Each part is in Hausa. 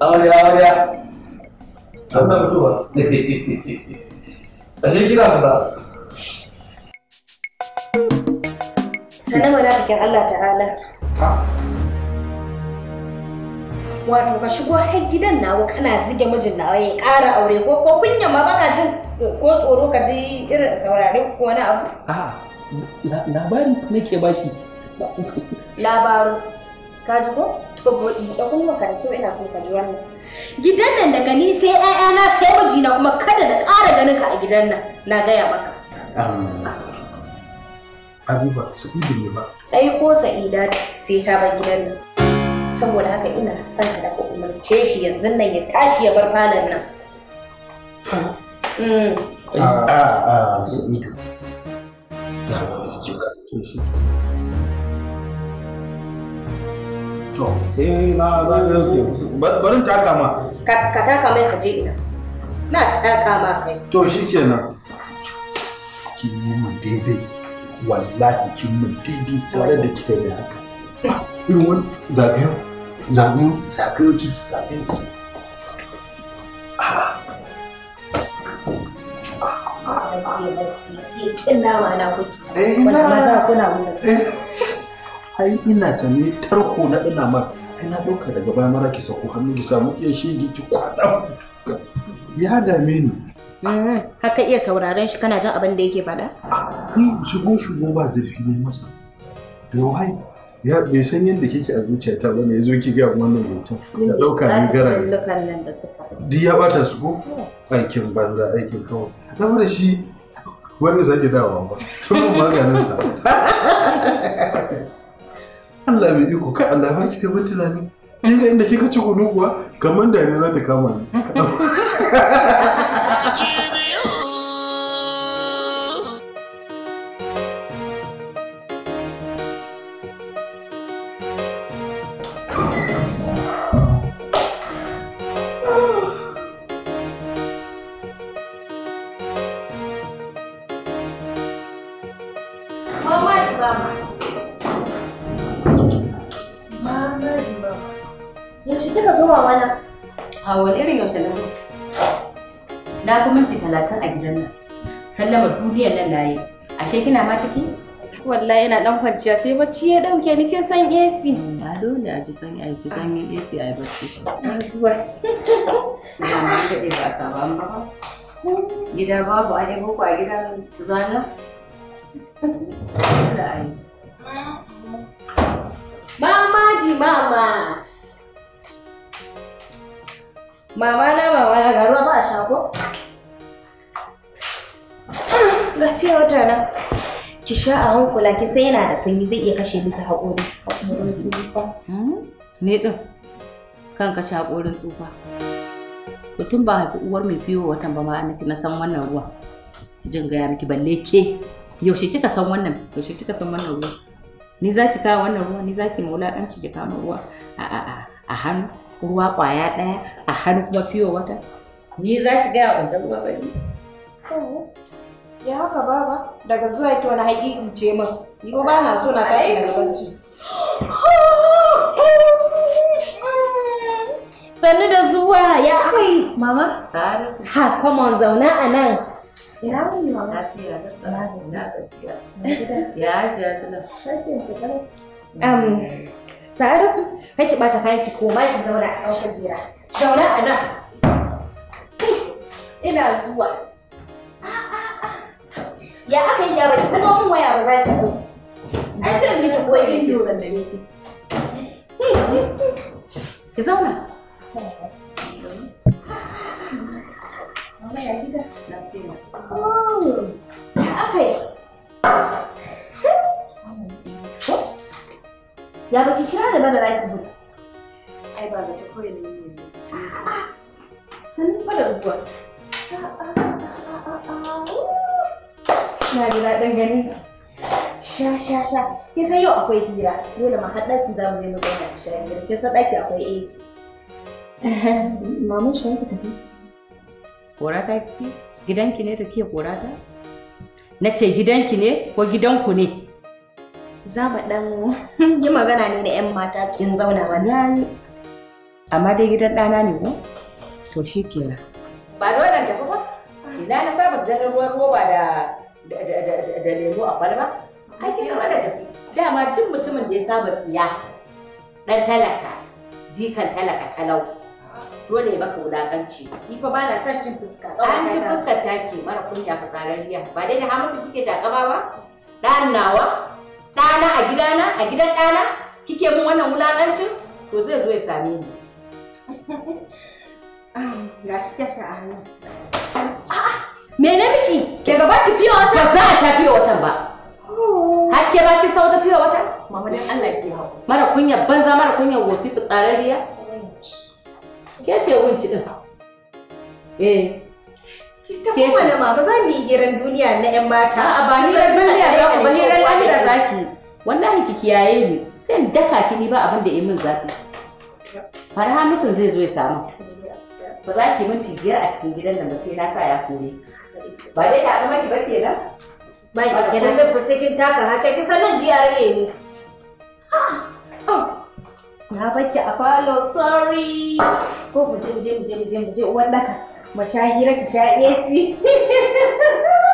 aure aure sannan mutuwa a je gida kusa sannan manafikin Allah ta'ala wato ka shigo har gidan nawa kana zige mijin nawa ya ƙara aure ko ko kunya ma baka jin ko tsoro ka ji irin saurare ko wani abu a'a ah, labari nake bashi labaru ka ji ko to buɗe kuma ka ina so ka ji wannan gidan nan daga ni sai ƴaƴana sai mijina kuma kada na ƙara ganin ka a gidan nan na gaya maka Abuba, Sa'idu ne ba. Ai ko Sa'ida sai ta bar gidan nan. Saboda haka ina son ka daga umarce shi yanzu nan ya tashi ya bar falon nan. A'a, da Na, ka. To, sai na zagayo ke barin taka ma. Ka taka mai ka je ina. Na taka ma kai. To shi kenan. Kin yi mun daidai. Wallahi kin mun daidai tare da kika da haka. Irin wani zagayo. Zagayo, zagayo ki, zagayo Sai cin nama na kuke. Eh, na. Wanda maza kuna ai ina sane tarko na ina mar ai na ɗauka daga baya mara ki sako, hannu ki samu iya shege ki kwaɗa ya dame ni mm-hmm. haka iya sauraron shi kana jin abin da yake faɗa? Ni shigo shigo ba zurfi ne masa. Da wai ya bai san yadda kike a zuciyata ne, ya zo ki ga wannan zancen ya dauka ni gara ne. Duk ya bata su ko? Mm. Aikin banza aikin kawai. Lamar shi wani sake dawowa ba. Tun maganin sa. Allah mai iko kai Allah ba ki gaban tunani. Ni ga inda kika ci kunu kuwa kamar da ne za ta kama ni. ashe kina ma ciki wallahi ina dan kwanciya sai bacci ya dauke ni kin san AC ba dole a ji san a ji san AC ai bacci zuwa ina ma kade ba saban ba gida babu a dai boko a gidan zana Mama di mama Mama na mama na garuwa ba a shago? Lafiya wata nan. Ki sha a hankula ki sai yana da sanyi zai iya kashe miki haƙori. Haƙorin tsufa. Ne hmm? ɗin. Kan kashe haƙorin tsufa. Mutum ba haifi uwar mai fiyo watan ba ma na san wannan ruwa. Jin gaya miki balle ke. Yaushe kika san wannan? Yaushe kika san wannan ruwa? Ni za ki kawo wannan ruwa, ni za ki wulaƙanci ki kama ruwa. A'a a hannu ruwa kwaya ɗaya a hannu kuma fiyo wata. Ni za ki gaya wancan ruwa ba ni. ya haka baba daga zuwa ita wani haƙi ce min. Ni ba na so na tashi daga banci. Sannu da zuwa ya akwai mama? Ha, come on zauna a nan. Ina mama? da tsari, na gajiya. Ya ajiya ya Shafin ya kala. Um, Sa'adatu, kai ki bata kayan ki koma ki zauna a kan kujera. Zauna a nan. Ina zuwa. Ya aka yi da baki kuma mun waya ba za ta zo. Ai sai mu ta koyi da ke da miki. Ki zauna. ya aka yi? Ya baki kira da ba da za ki zo. Ai ba ta koyi ne. Sun fara zuwa. Na ji daɗin ganin Sha sha sha. Kin san yau akwai hira. Dole ma har ɗakin za mu je mu zauna a shirin gida. Kin san ɗaki akwai AC. Mamun shi ta tafi. Kora ta fi gidanki ne ta ke kora ta? Na ce gidanki ne ko gidanku ne? Za mu ɗan yi magana ne da 'yan mata kin zauna ma na Amma dai gidan ɗana ne ko? To shi kenan. Ba da wannan tafi ba? Ina na saba su da ruwan roba da da lemo a kwalba ai kin da dama duk mutumin da ya saba tsiya dan talaka jikan talaka kalau dole ya baka wulakanci ni fa ba na san cin fuska an cin fuskar take mara kunya tsararriya. ba dai da hamisu kike da takama ba dan nawa ɗana a gidana a gidan ɗana kike min wannan wulakancin to zai zo ya same ni ah, Gashi kashe a hannu. Ah, Mene miki? ke gaba ki fiye wata? Ba za a sha fiye watan ba. ke ba ki san wata fiye wata? Mama dan Allah ki hau. Mara kunya banza mara kunya wofi tsararriya? Ke ce wunci din. Eh. ke ta kuma mama zan yi hirar duniya na 'yan mata. A'a ba hirar duniya za ku ba hirar lafiya za ki. Wallahi ki kiyaye ni. Sai daka ki ni ba abin da ya min zafi. Farha misin zai zo ya samu. Ba za ki minti biyar a cikin gidan nan ba sai na sa ya kore ka. ba dai da maki ki ba nan ba ki kenan ba ku taka hace ki sanin ji a rage ni ah! na bakki a falo sorry ko ku jim jim jim jim jim wanda mashahira ki sha AC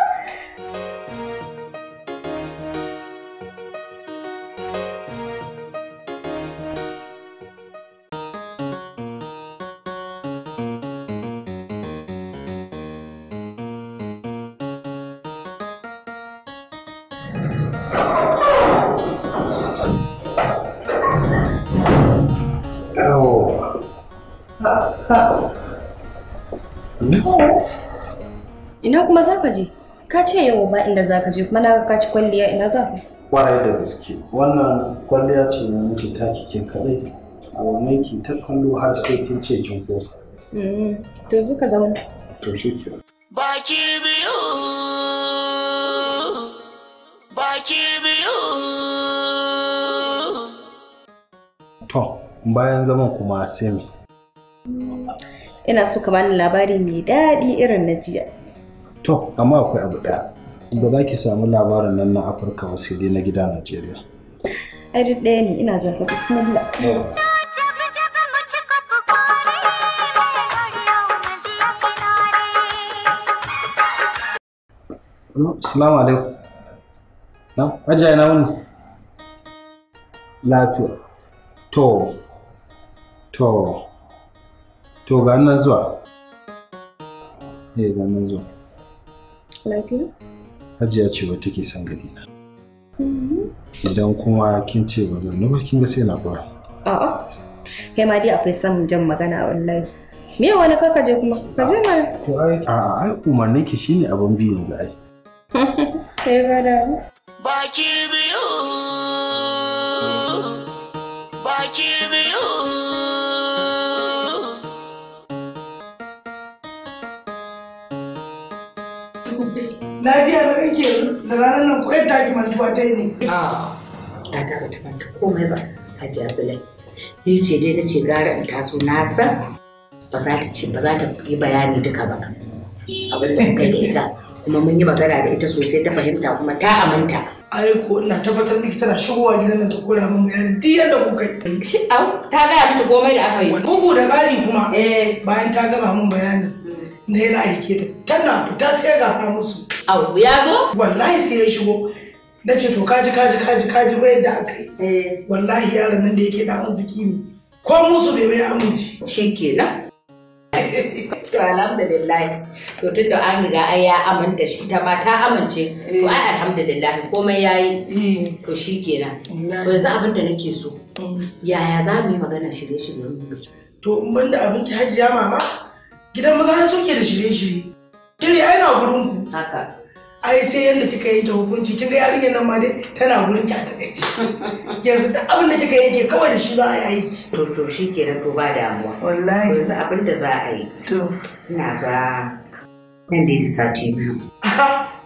kuma za ka je ka ce yau ba inda za ka je kuma na ka ci kwalliya ina za ka kwarai da gaske wannan kwalliya ce na miki ta kike kadai a wannan ki ta kallo har sai kin ce kin kosa mm-hmm. to zo ka zauna to shi ke baki biyu baki biyu to bayan zaman kuma sai me ina so ka bani labari mai daɗi irin na jiya to amma akwai abu ɗaya ba za ki samu labarin nan na afirka wasu sai dai na gida najeriya ai duk ɗaya ne ina zafa bismillah Assalamu alaikum. Na, ajiya yana wani? Lafiya. To, to, to ga nan zuwa. Eh, ga nan zuwa. Lafiya? Hajiya ce wata ke son gadi na. Mm-hmm. Idan kuma kin ce ba zan ba kin ga sai na fara. A'a. Kai ma dai akwai son jan magana wallahi. Me wani kaka je kuma? Ka je mana. To ai a'a ai umarni ki shine abin bi yanzu ai. Kai ba da. Baki biyu. Baki biyu. lafiya na kake da ranar nan kuɗin taki mantuwa ta yi ne. A ta ba ta komai ba Hajji Azulai. Ni ce dai na ce gara in taso na san ba za ta ce ba za ta yi bayani duka ba. Abin da kai da ita kuma mun yi magana da ita sosai ta fahimta kuma ta aminta. Ai ko ina tabbatar miki tana shigowa gidan nan ta kora min bayani duk yadda kuka yi. Shi ta gaya miki komai da aka yi. Bugu da ƙari kuma. Eh. Bayan ta gama min bayanin. naira aike ta tana fita sai ga musu abu ya zo wallahi sai ya shigo na ce to kaji kaji kaji kaji ba yadda aka yi eh. wallahi yaron nan da yake da arziki ne ko musu bai mai aminci shikenan to alhamdulillah to tun da an riga ai ya aminta shi ta ma ta amince to eh. ai alhamdulillah komai yayi eh. to kenan. to yanzu abin da nake so mm. yaya za mu yi magana shirye-shiryen biki to in banda abinki ya mama gidan maza ya soke da shirye-shirye shirye ai na gurin ku haka ai sai yadda kika yanke hukunci kin ga yarinyar nan ma dai tana gurin ki a takaice yanzu da abin da kika yanke kawai da shi za a yi aiki to to shi ke to ba damuwa wallahi yanzu abin da za a yi to ina ga nan dai da sati biyu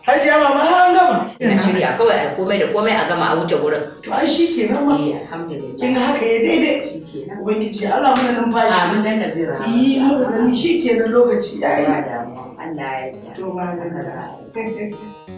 hajiya mama ha an gama ina shirya kawai a komai da komai a gama a wuce wurin to ai shikenan ma eh alhamdulillah kin ga haka ya daidai shikenan ubangiji Allah mana numfashi amin dan nazira yi eh, muku gani shikenan lokaci yayi Allah ya yi. to ma ga.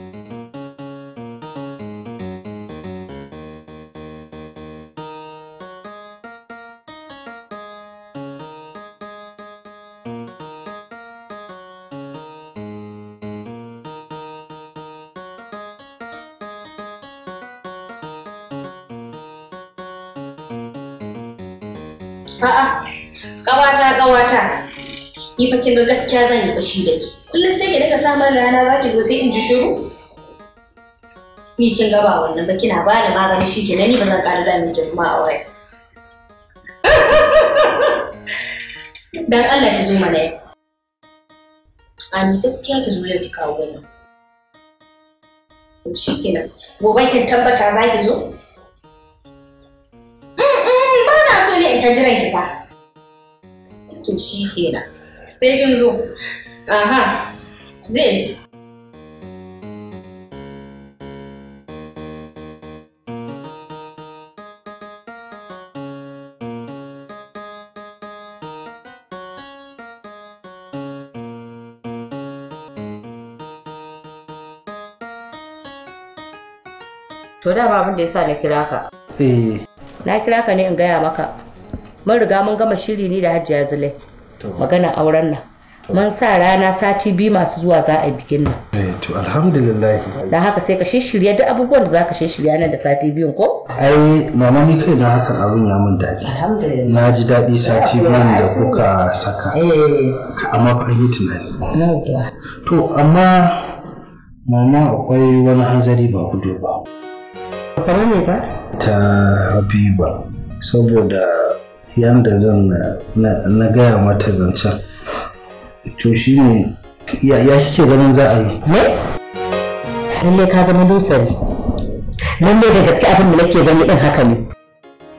ni fa kin ga gaskiya zan yi bashi da ki kullum sai ki daga samun rana za ki zo sai in ji shiru ni kin ga ba wannan ba kina ba da magani shi ke ni ba zan ƙara da miki kuma a waya dan Allah ki zo mana yau ani gaskiya ki zo yau ki kawo mana to shi nan gobe kin tabbata za ki zo ba na so ne in jiran ki ba to shi kenan sai kin zo aha zai To da abin da ya sa na kira ka. Eh. Na kira ka ne in gaya maka. Mun riga mun gama shiri ni da Hajiya Zulai. magana auren nan mun sa rana sati biyu masu zuwa za a bikin nan. Eh, to alhamdulillah. dan haka sai ka shirya duk abubuwan da zaka ka shirya nan da sati biyun ko? Ai mama ni kai na hakan abin ya mun daɗi. Alhamdulillah. Na ji daɗi sati biyun da kuka saka. Eh. Ka amma ba yi tunani. To amma mama akwai wani hanzari ba gudu ba. Kamar ne ba? Ta Habiba saboda yadda zan na gaya mata zancen to shi ne ya shi kike ganin za a yi ne lalle ka zama dosari lalle da gaske abin da nake gani din haka ne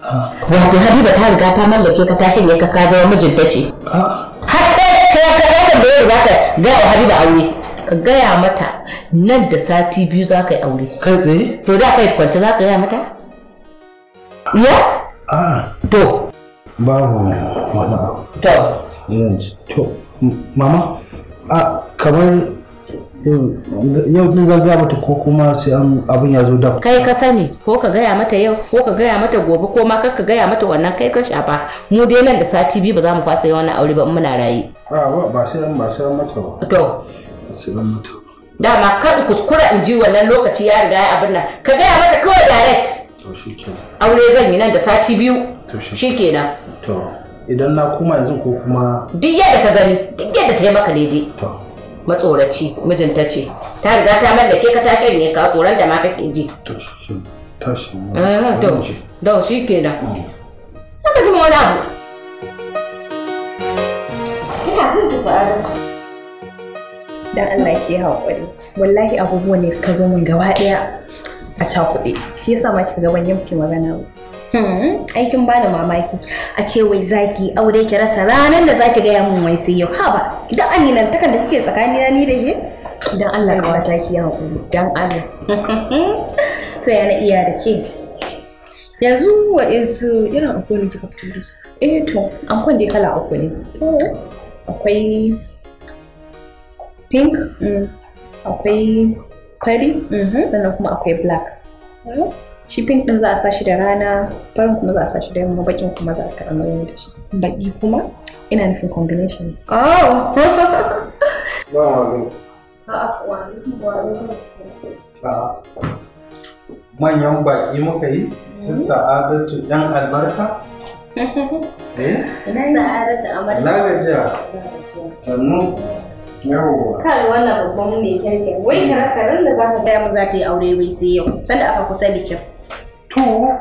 ah. wato habiba ta riga ta mallake ka ta shirya ka ka zama mijinta ce ah. har ɗaya ka ka da yau za ka gaya wa habiba aure ka gaya mata nan da sati biyu za ka yi aure kai tsaye to da kai kwanta za ka gaya mata ya ah. to babu wani to yanzu to mama a kamar yau din zan gaya mata ko kuma sai an abin ya zo da kai ka sani ko ka gaya mata yau ko ka gaya mata gobe ko ma kar ka gaya mata wannan kai ka shafa mu dai nan da sati biyu ba za mu kwasa yi wannan aure ba muna raye a ba sai an ba sai an mata ba to sai an mata ma kar kuskura in ji wannan lokaci ya riga ya abin nan ka gaya mata kawai direct to shi aure zan yi nan da sati biyu shi kenan to idan na koma yanzu ko kuma duk yadda ka gani duk yadda ta yi maka daidai to matsoraci mijinta ce ta riga ta mallake ka ta shirye ka tsoron da ma kake ji to tashi eh, to da shi kenan mm. haka jin wani abu ina jin ki sa'adatu dan Allah ke haƙuri wallahi abubuwa ne suka zo min gaba ɗaya a cakuɗe shi yasa ma kika ga ban yi magana ba Hmm, aikin bani mamaki a ce wai zaki aure ki rasa ranar da zaki gaya mun wai sai yau haba idan amina ta da kike tsakani na ni da ke idan Allah ka wata ki ya hakuri dan Allah to ya na iya da ke yanzu wa isu irin akwai ne kika fito da su eh to an kwan dai kala uku ne akwai pink mm. akwai fari mm-hmm. sannan kuma akwai black mm-hmm. shi din za a sa shi da rana farin kuma za a sa shi da yamma bakin kuma za a kaɗa mai da shi baki kuma ina nufin combination oh ba wani manyan baki muka yi su mm-hmm. sa'adatu yan albarka eh sa'adatu sannu kan wannan babban mai kyarkyar wai ka rasa ran da za ta gaya mu za ta yi aure bai sai yau sanda aka kusa bikin to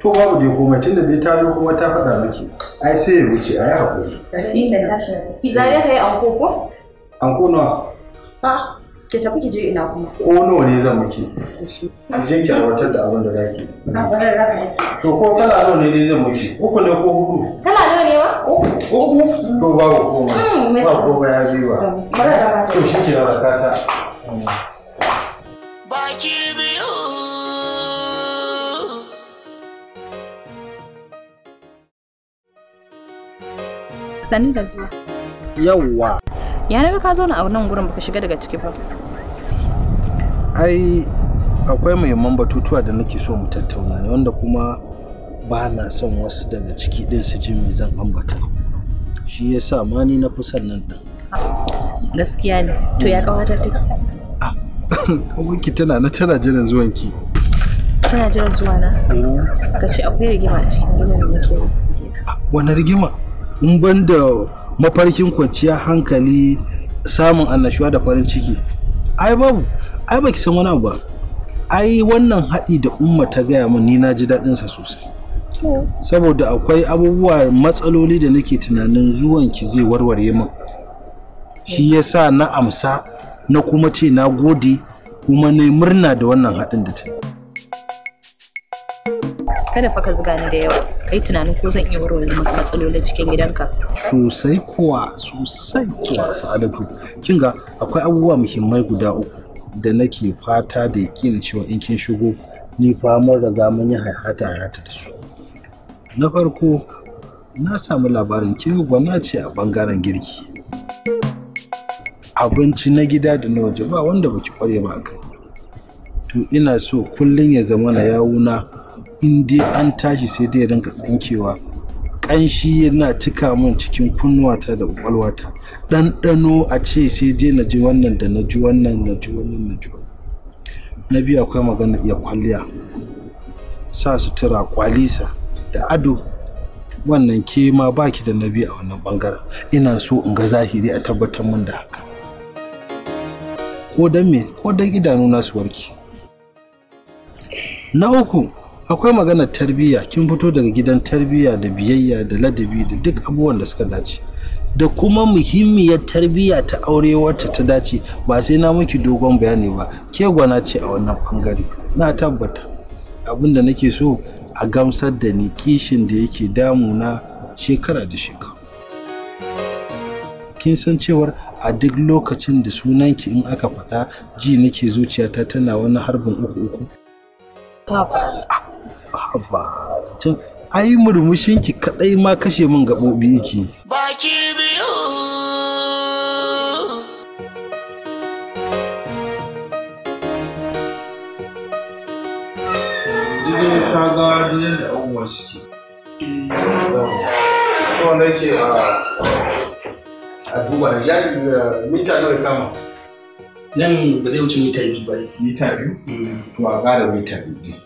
to babu dai komai tunda dai ta zo kuma ta faɗa miki ai sai ya wuce ai hakuri shi da tashi na tafi zabe kai anko ko anko nawa Ha? ki tafi ki je ina kuma ko nawa ne zan miki ki je ki aiwatar da abin da zaki na barar raka to ko kala nawa ne dai zan miki uku ne ko hudu kala nawa ne wa uku to babu komai hmm, ba komai ya ji hmm, ba to shi ke raka ta baki biyu sani da zuwa yawwa ya naga ka zauna a nan gurin baka shiga daga ciki ba ai akwai muhimman batutuwa da nake so mu tattauna ne wanda kuma ba na son wasu daga ciki din su ji me zan ambata shi yasa ma ni na fi son nan din gaskiya ne to ya kawata take ah wanki tana na tana jiran zuwanki tana jiran zuwa na mm. ka ce akwai rigima a cikin gidan da muke ah, wani rigima in ban da mafarkin kwanciya hankali samun annashuwa da farin ciki ai babu ai baki san wani abu ba ai wannan haɗi da umma ta gaya min ni na ji sa sosai saboda akwai abubuwa matsaloli da nake tunanin zuwan ki zai warware min shi ya na amsa na kuma ce na gode kuma na murna da wannan haɗin da ta yi kada fa ka zuga ni da yawa kai tunanin ko zan iya warware maka matsalolin cikin gidanka sosai kuwa sosai kuwa sa'adatu kin ga akwai abubuwa muhimmai guda uku da nake fata da yakin cewa in kin shigo ni fa mun riga mun yi haihata haihata da su na farko na samu labarin kin gwana ce a bangaren girki abinci na gida da na waje ba wanda baki kware ba a kai to ina so kullum ya zama na yawuna in dai an tashi sai dai rinka tsinkewa ƙanshi yana cika min cikin kunnuwata da ƙwaƙwalwata ɗanɗano a ce sai dai na ji wannan da na ji wannan na ji wannan na ji na biyu akwai magana iya kwalliya sa sutura kwalisa da ado wannan ke ma baki da na biyu a wannan bangaren ina so in ga zahiri a tabbatar min da haka ko don me ko don idanu na su warke na uku akwai maganar tarbiyya kin fito daga gidan tarbiyya da biyayya da ladabi da duk abubuwan da suka dace da kuma muhimmiyar tarbiyya ta aure wacce ta dace ba sai na miki dogon bayani ba ke gwana ce a wannan bangare na tabbata abin da nake so a gamsar da ni kishin da yake damu na shekara da shekara kin san cewar a duk lokacin da sunanki in aka faɗa ji nake zuciyata tana wani harbin uku uku Abba, tun ai murmushinki kaɗai ma kashe min gaɓoɓi yake. Baki biyu. Idan ka ga da yadda abubuwa suke. So nake a ah, a duba da jari ah, mita nawa kama. Nan ba zai wuce mita biyu ba. Mita biyu? Mm. To a gara mita biyu.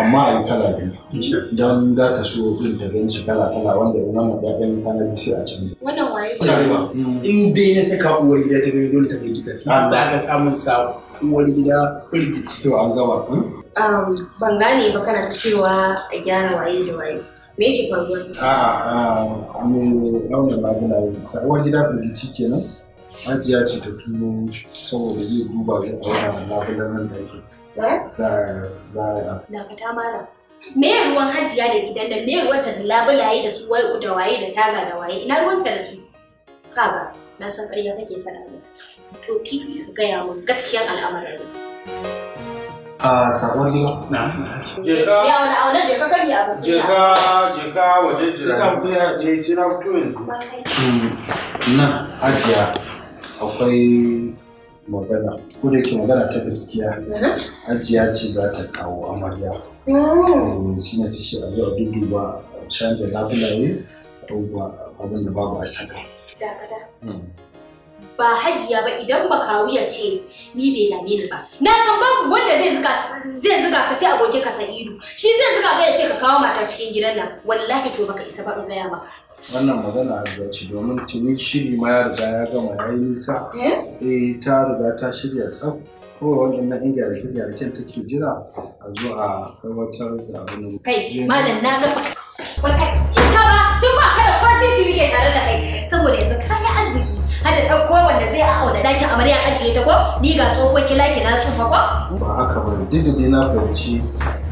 amma a yi kala biyu don za ta so ɗin ta gan shi kala kala wanda ya mana da ɗan kana biyu sai a cikin. wannan waye mm. in dai na saka uwar gida ta bai dole ta firgita mm. sa ka samun sa uwar gida firgici to an gaba hmm? um, ban gane ba kana ta cewa a gyara waye da waye me yake faruwa a ah, a ah, me launin labulaye uwar gida firgici kenan ajiya ce ta tuno saboda zai duba ya a labulan nan da ke. Eh? Dakata Me ruwan hajiya da gidan da me ruwan ta labulaye da su wai da waye da taga da waye ina ruwan ka da su? Ka Kaga na san ƙarya kake faɗa min. To fili ka gaya min gaskiyar al'amarin. A sakon gida? Na. Jeka. Ya wani auna jeka kan ya abu. Jeka jeka waje jira. Sai ka ya je sai na fito yanzu. Hmm, na hajiya akwai magana ko da yake magana ta gaskiya ajiya ce za ta kawo amarya oh. eh, shi ne ta shi a zuwa duduba a canza labulaye abubuwa abin da babu a saka hmm. ba hajiya ba idan ba ya ce ni bai na ni ba na san babu wanda zai zuga zai zuga ka sai abokin ka ido shi zai zuga ga ya ce ka kawo mata cikin gidan nan wallahi to baka isa ba in gaya maka wannan magana gaci domin tuni shiri ma ya riga ya gama ya yi nisa eh, eh ta riga ta shirya tsaf kawai wannan na kirya da kyan take jira a zo a aiwatar da abin kai malam na ga ba kai ba tun ba kada kwasi muke tare da kai saboda yanzu kayan arziki kada ɗauko wanda zai a auna ɗakin amarya ajiye ta ko ni ga tsohon kila ki na tsufa ko. ba haka ba duk da dai na fahimci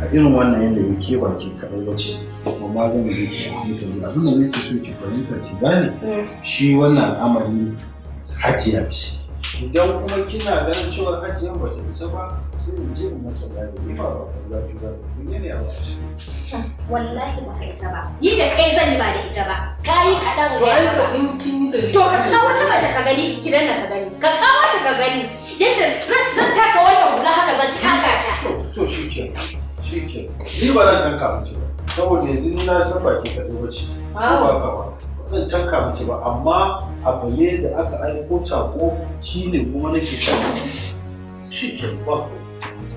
a irin wannan yadda yake ba ke kaɗai ba ce amma zan yi ki hankali abin da nake so ki fahimta ki gane mm. shi wannan al'amari hajiya ce. idan kuma kina ganin cewa ajiyan ba ta isa ba sai mu je mu mata gari ni ba ba zafi ba ni ne ya ba wallahi ba kai isa ba ni da kai zan yi ba da ita ba kai kadan ba yi ka in kin yi da to ka kawo wata mace ka gani gidan nan ka gani ka kawo ta ka gani yadda zan taka wannan hula haka zan taka ta to shi ke shi ke ni ba zan taka mace ba saboda yanzu ni na san ba ke kaɗai ba ce ba ka ba zan tanka miki ba amma abu ne da aka aiko sako shi ne kuma nake shan shi ke ba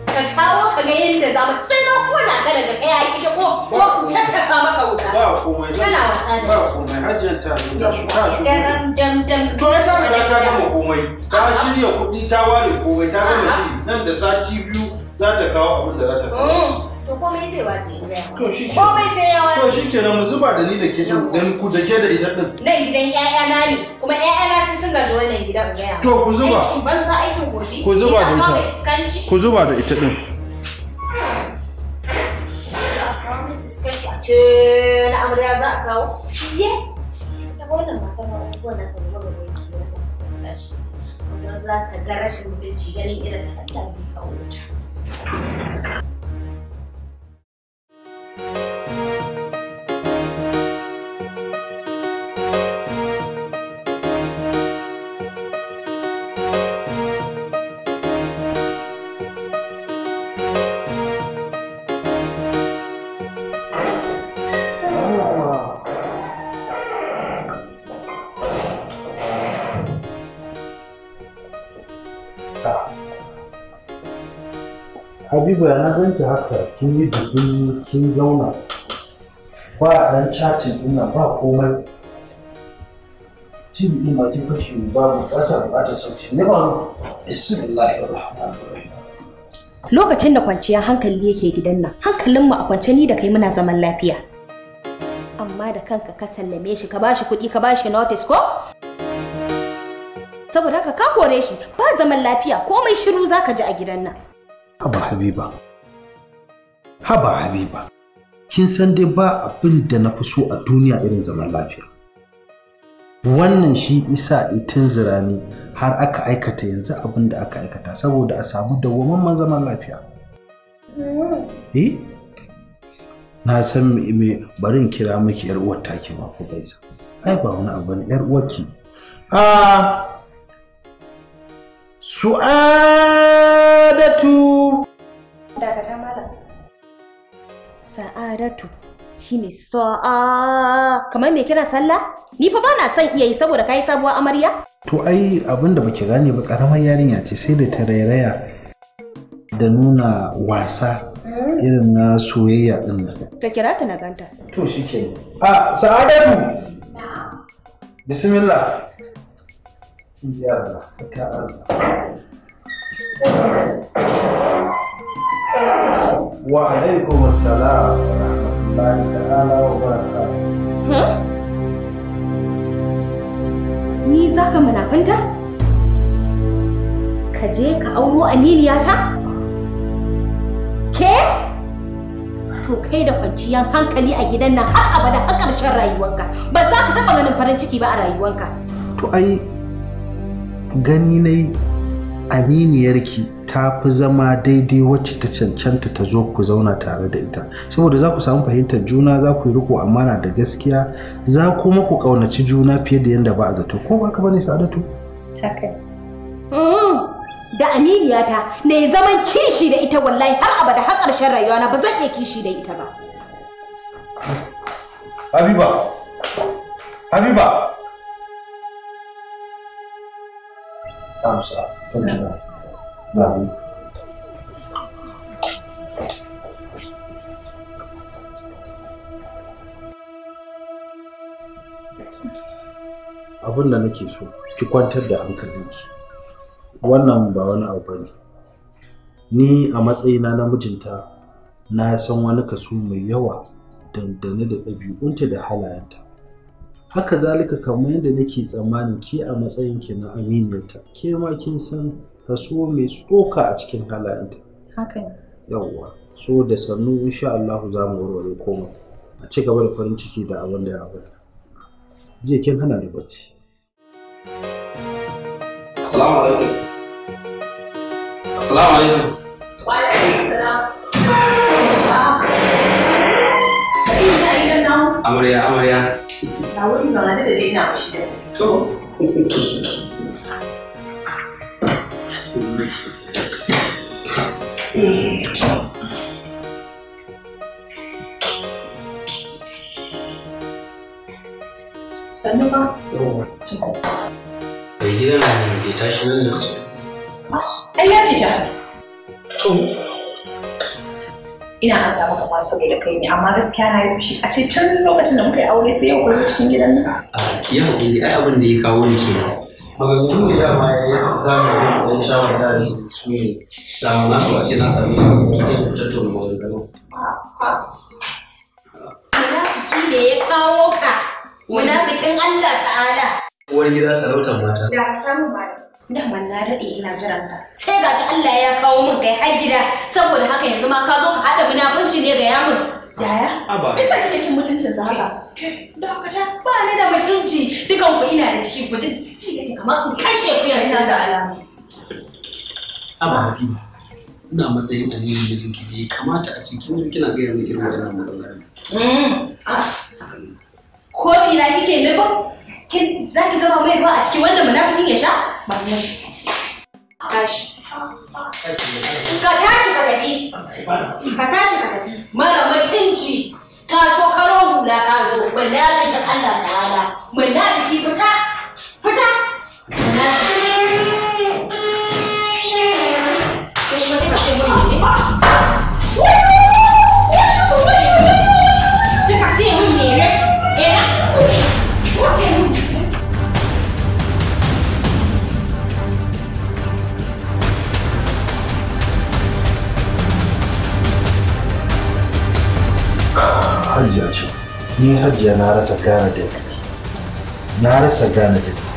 ka kawo ka ga yadda za mu sai na kona ka daga kai a kike ko ko tattaka maka wuta ba komai kana wasa ba komai hajjan ta da su ta su dan to ai sai da ta gama komai ta shirya kuɗi ta ware komai ta gama shiri nan da sati biyu za ta kawo abin da za ta kawo mm. komai zai watsi in gaya to shi komai sai ya watsi to shi ke kenan mu zuba da ni da ke dan ku da ke da ita din Na gidan ƴaƴa na ne kuma ƴaƴa na sun sun gaji wannan gidan gaya to ku zuba aikin banza aikin gobe ku zuba da ita ku zuba da ita din ce na amarya za a kawo ye ta wannan mata na wannan ta zama gobe ki da shi amma za ta ga rashin mutunci ganin irin da Allah zai kawo ta Thank you. Habiba na ganki haka kin yi dubin kin zauna ba dan chatin ina ba komai cin ɗin bakin fashi ba bukata bukata sauki ne ba bismillahir rahmanir rahim lokacin da kwanciyar hankali yake gidan nan hankalin mu a kwance ni da kai muna zaman lafiya amma da kanka ka sallame shi ka bashi kuɗi ka bashi notice ko saboda haka ka kore shi ba zaman lafiya komai shiru zaka ji a gidan nan Haba Habiba. Haba Habiba. Kin san dai ba abin da na fi so a duniya irin zaman lafiya. Wannan shi isa itin zirani har aka aikata yanzu abin da aka aikata saboda a samu dawwamamman zaman lafiya. Eh? eh? Na san me barin kira miki yar uwar take ma bai gaisa. Ai ba wani abu ne yar uwarki. Ah su'a sa'adatu dakata malam sa'adatu shine sa'a kamar me kira sallah ni fa ba na son iya yi saboda kai sabuwa amarya to ai abin da baki gane ba karamar yarinya ce sai da ta rairaya da nuna wasa irin na soyayya din nan ta kira ta na ganta to shike a sa'adatu bismillah ya Allah ta wa alaikum assalam wa rahmatullahi wa barakatuh ni zaka kwanta? ka je ka auro aniliyata ke to kai da kwanciyar hankali a gidan nan har abada har ƙarshen rayuwarka ba za ka taɓa ganin farin ciki ba a rayuwarka to ai gani na yi aminiyarki ta fi zama daidai wacce ta cancanta ta zo ku zauna tare da ita saboda za ku samu fahimtar juna za ku yi riko amana da gaskiya za kuma ku ƙaunaci juna fiye da yadda ba a zato ko ba ka bane sa'adatu mm-hmm. da aminiyata ne zaman kishi da ita wallahi har abada har ƙarshen rayuwa na ba zan iya kishi da ita ba habiba habiba abunda up. Thumbs abin da nake so ki kwantar da hankalinki wannan ba wani abu bane ni a matsayina na mijinta na san wani kaso mai yawa dangane da ɗabi'unta da halayenta haka zalika kamar yadda nake tsammanin ke a matsayin ke na aminiyarta ke ma kin san kaso mai tsoka a cikin halayenta haka yawwa so da sannu insha Allah za mu warware koma a ci gaba da farin ciki da abin da ya faru jiya kin hana ni bacci assalamu alaikum assalamu alaikum wa alaikum assalam amarya amarya 那我什么？来这里领两么？什么？什么？什么？什么？什么？什么？什么？什么？什么？什么？什么？什么？什么？什么？什 ina an samu kama saboda kai ne amma gaskiya na yi fushi a ce tun lokacin da muka yi aure sai yau kuma cikin gidan nan. ya hakuri ai abin da ya kawo ni ke magazin da ma ya yi zamu da su ɗan shawar da su ne da na so a ce na sami sai ku tattauna maganganu. munafiki ne ya kawo ka munafikin Allah ta'ala. uwar gida sarautar mata. da ta mu ba dama na daɗe ina jiran ka sai gashi Allah ya kawo min kai har gida saboda haka yanzu ma ka zo ka haɗa munafunci ne ga yamin yaya bisa kike cin mutuncin sa haka dakata ba ni da mutunci dukan ku ina da ciki mutum shi kake kamar ku kashe ku yanzu da alamu aba habiba ina matsayin aliyu da suke yi kamata a cikin su kina ga yamin irin wannan magana hmm. ah. ko ina kike ba? kin zaki zama mai ruwa a cikin wannan munafikin ya sha ka tashi ka tafi ka tashi ka tafi mara mutunci ka to karo hula ka zo wallahi ka Allah ta'ala hajiya ce ni hajiya na rasa gane da ni na rasa gane da ni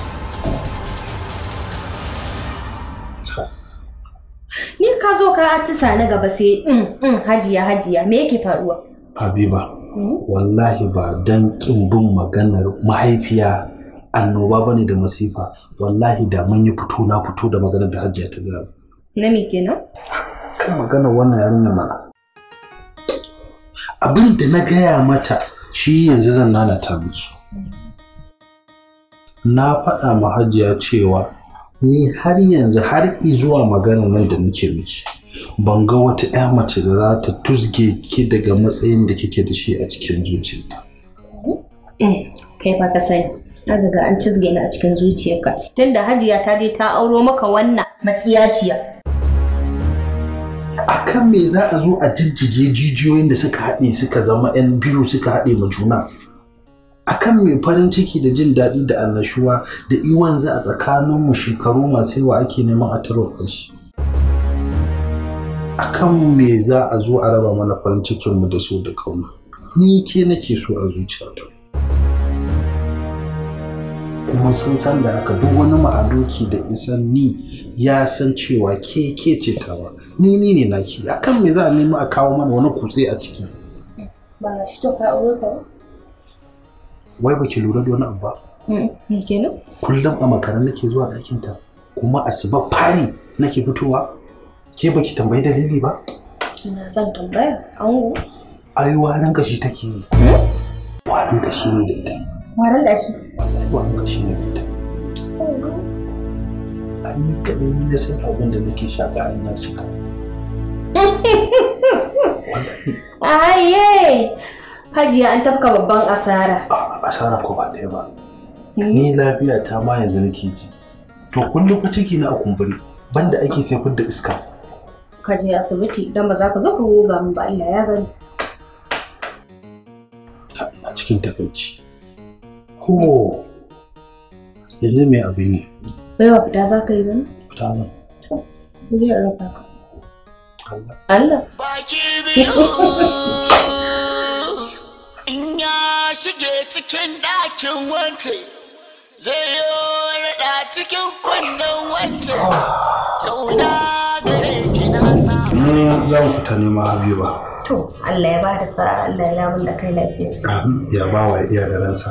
ni ka zo ka atisa na gaba sai in mm, in mm, hajiya hajiya me yake faruwa habiba hmm? wallahi ba dan kin bin maganar mahaifiya annoba bane da masifa wallahi da mun yi fito na fito da maganar da hajiya ta gaba na me kenan kan maganar wannan yarinya mana abin da na gaya mata shi yanzu zan ta miki na faɗa ma hajiya cewa ni har yanzu har zuwa magana nan da nake miki ban ga wata 'ya mace da za ta tusge ki daga matsayin da kike da shi a cikin zuciyarta. Eh, kai fa ka sani na an cizge ni a cikin zuciyarka tunda hajiya ta je ta auro maka wannan matsiyaciya akan me za a zo a jijjige jijiyoyin da suka haɗe suka zama 'yan biyu suka haɗe ma juna akan me farin ciki da jin daɗi da annashuwa da iwan za a mu shekaru masu yawa ake neman a tarwatsa shi akan me za a zo a raba mana farin mu da so da kauna ni ke nake so a zuciyata kuma sun san da haka duk wani ma'adoki da isan ni ya san cewa ke ke ce tawa ni ni ne naki kan me za a nemi a kawo mana wani kutse a ciki ba shi to ka aure ta wai ba ki lura da wani abu ba mm, me kenan kullum a makaran nake zuwa ɗakin ta kuma asuba fari nake fitowa ke ki tambayi dalili ba ina zan tambaya ango ai waran kashi take yi hmm? waran kashi ne da ita waran kashi wallahi waran kashi ne da ita ai kaɗai ni na abin da nake shaƙa in na shiga. Aye! Hajiya an tafka babban asara. Asara ko ba ɗaya ba. Hmm. Ni lafiya ta ma yanzu nake ji. To kullum ku ciki na a kumburi banda ake sai da iska. Ka je asibiti dan ba za ka zo ka goga min ba Allah ya gani. Ina cikin takaici. Ho! Yanzu mai abu ne? baiwa fita za ka yi ba? fita zan to zai ka Allah Allah baki biyu in ya shige cikin ɗakin wance zai yi raɗa cikin wance oh. yau na na sa ne za mu fita nema Habiba. To, Allah ya ba da sa Allah ya labun da kai lafiya. Amin, ya ba wa iya da ransa.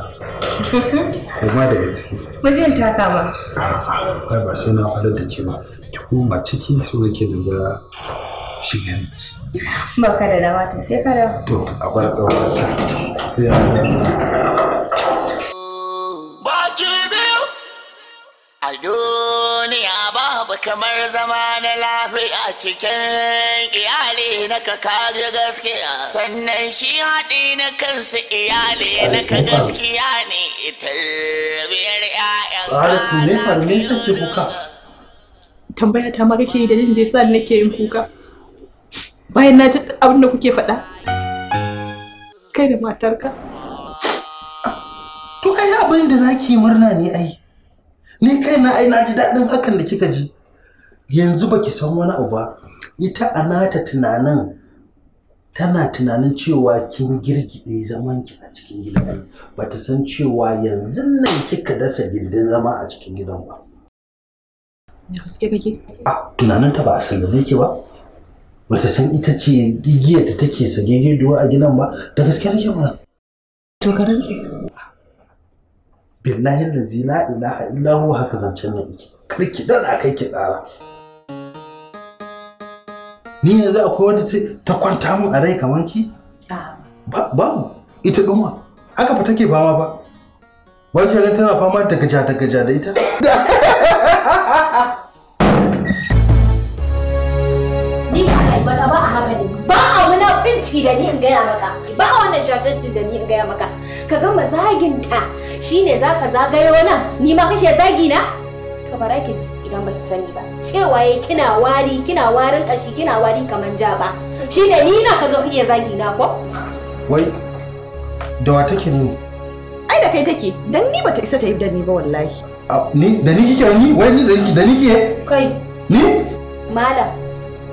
Kuma daga ciki. Mijin taka ba. A'a, ba sai na faɗar da ke ba. Ki koma ciki so yake shi ne. Ba ka da dawa to sai ka da. To, a bar ƙawar sai ya Baki biyu. Ado. babu kamar zama na lafiya cikin iyali na ka kaji gaskiya sannan shi haɗi na kansu iyali na ka gaskiya ne tarbiyar ƴaƴan ka tambaya ta ma kake da jin da yasa nake yin kuka bayan na ji abin da kuke faɗa kai da matarka to ai abin da zaki murna ne ai ni kai na ai na ji daɗin hakan da kika ji yanzu baki san wani abu ba ita a nata tunanin tana tunanin cewa kin girgide zaman ki a cikin gidan ba ta san cewa yanzu nan kika dasa gindin zama a cikin gidan ba da gaske kake a tunanin ta ba a sallame ki ba ba ta san ita ce igiyar ta take sagege duwa a gidan ba da gaske nake ba to ka rantse billahi lazi la ilaha illahu haka zancen nan yake kar ki dana kai ki tsara ni yanzu akwai wadda ta kwanta mun a rai kamar ki ah. babu ita ɗuma aka fa take fama ba ba ki ganin tana fama da gaja da gaja da ita ni ba a maka ba a haka ne ba a wani binci da ni in gaya maka ba a wani shashantin da ni in gaya maka ka ga mazaginta za ka zagayo nan ni ma kake zagi na Ka bara ki ji idan ba ta sani ba cewa yayi kina wari kina warin kashi kina wari kaman ja ba shine ni na ka zo iya zagi na ko wai da wa take ni ai da kai take dan ni bata isa ta yi da ni ba wallahi ni da ni kike ni wai ni da ni da ni kike kai ni malam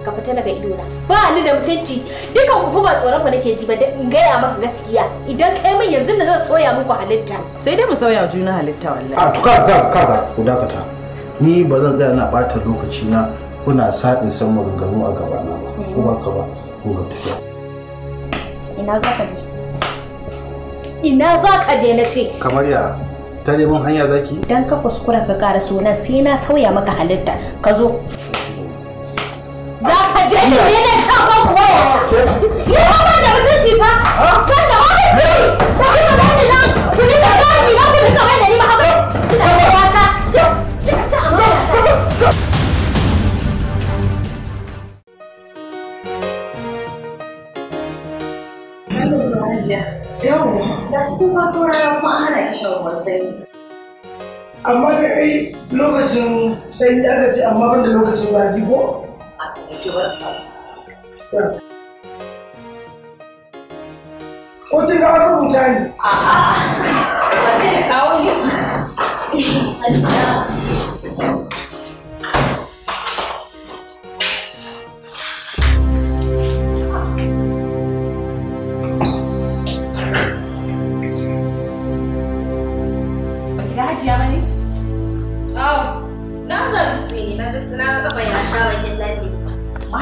ka fita daga idona ba ni da mutunci duka ku ba tsoron ku nake ji ba in gaya maka gaskiya idan kai min yanzu na zan soya muku halitta sai dai mu soya juna halitta wallahi a to ka ka ka ku dakata ni ba zan tsaya na ɓata lokaci na kuna sa in san maganganu a gaba na ba ko ba ka ba kun ga tafiya ina za ka je ina za ka je na ce kamar ya ta neman hanya zaki dan ka kuskura ka ƙara sunan sai na sauya maka halitta ka zo za ka je ne ne ka ba kuwa yaya ya ba da mutunci fa kuma sauraron kuma hana ki shan ruwan sanyi. Amma da ai lokacin sanyi aka ce amma ban da lokacin zafi ko? A ɗauki barka. Ko kin ga rubuta ni? A'a, ba ta da kawo ne.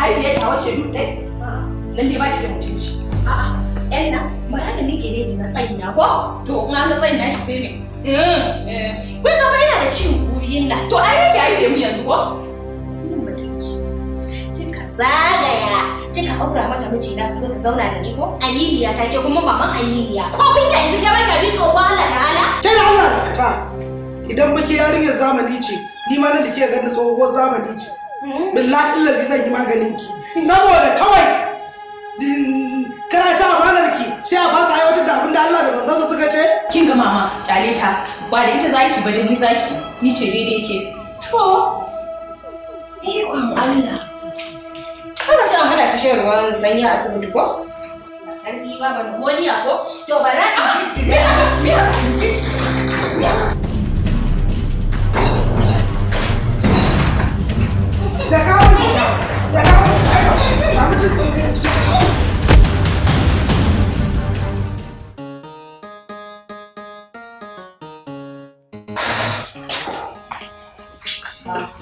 mahaifiyar ta wace dutse lalle ba ki da mutunci a'a yan nan bara da nake ne na tsanya ko to in an tsanya shi sai me eh, eh. kun san ba ina da ciwon gobiyin nan to ai yake ai da mu yanzu ko mun mutunci kika zagaya kika aura mata miji na zuwa ka zauna da ni ko Aminiya ta ke kuma maman Aminiya ko kun yanzu ke baka ji tsoron Allah ta'ala ke da Allah ta idan baki yarinyar zamani ce ni ma na da ke ganin tsohuwar zamani ce billahi lazi zai yi maganin ki saboda kawai kana ta amanar ki sai a fasa aiwatar da abin da Allah da manzansa suka ce kin ga mama kyale ta ba da ita zaki ba da ni zaki ni ce daidai ke to ikon Allah kana ta hana ka ruwan sanya a asibiti ko sarki ba ban godiya ko to bara ne a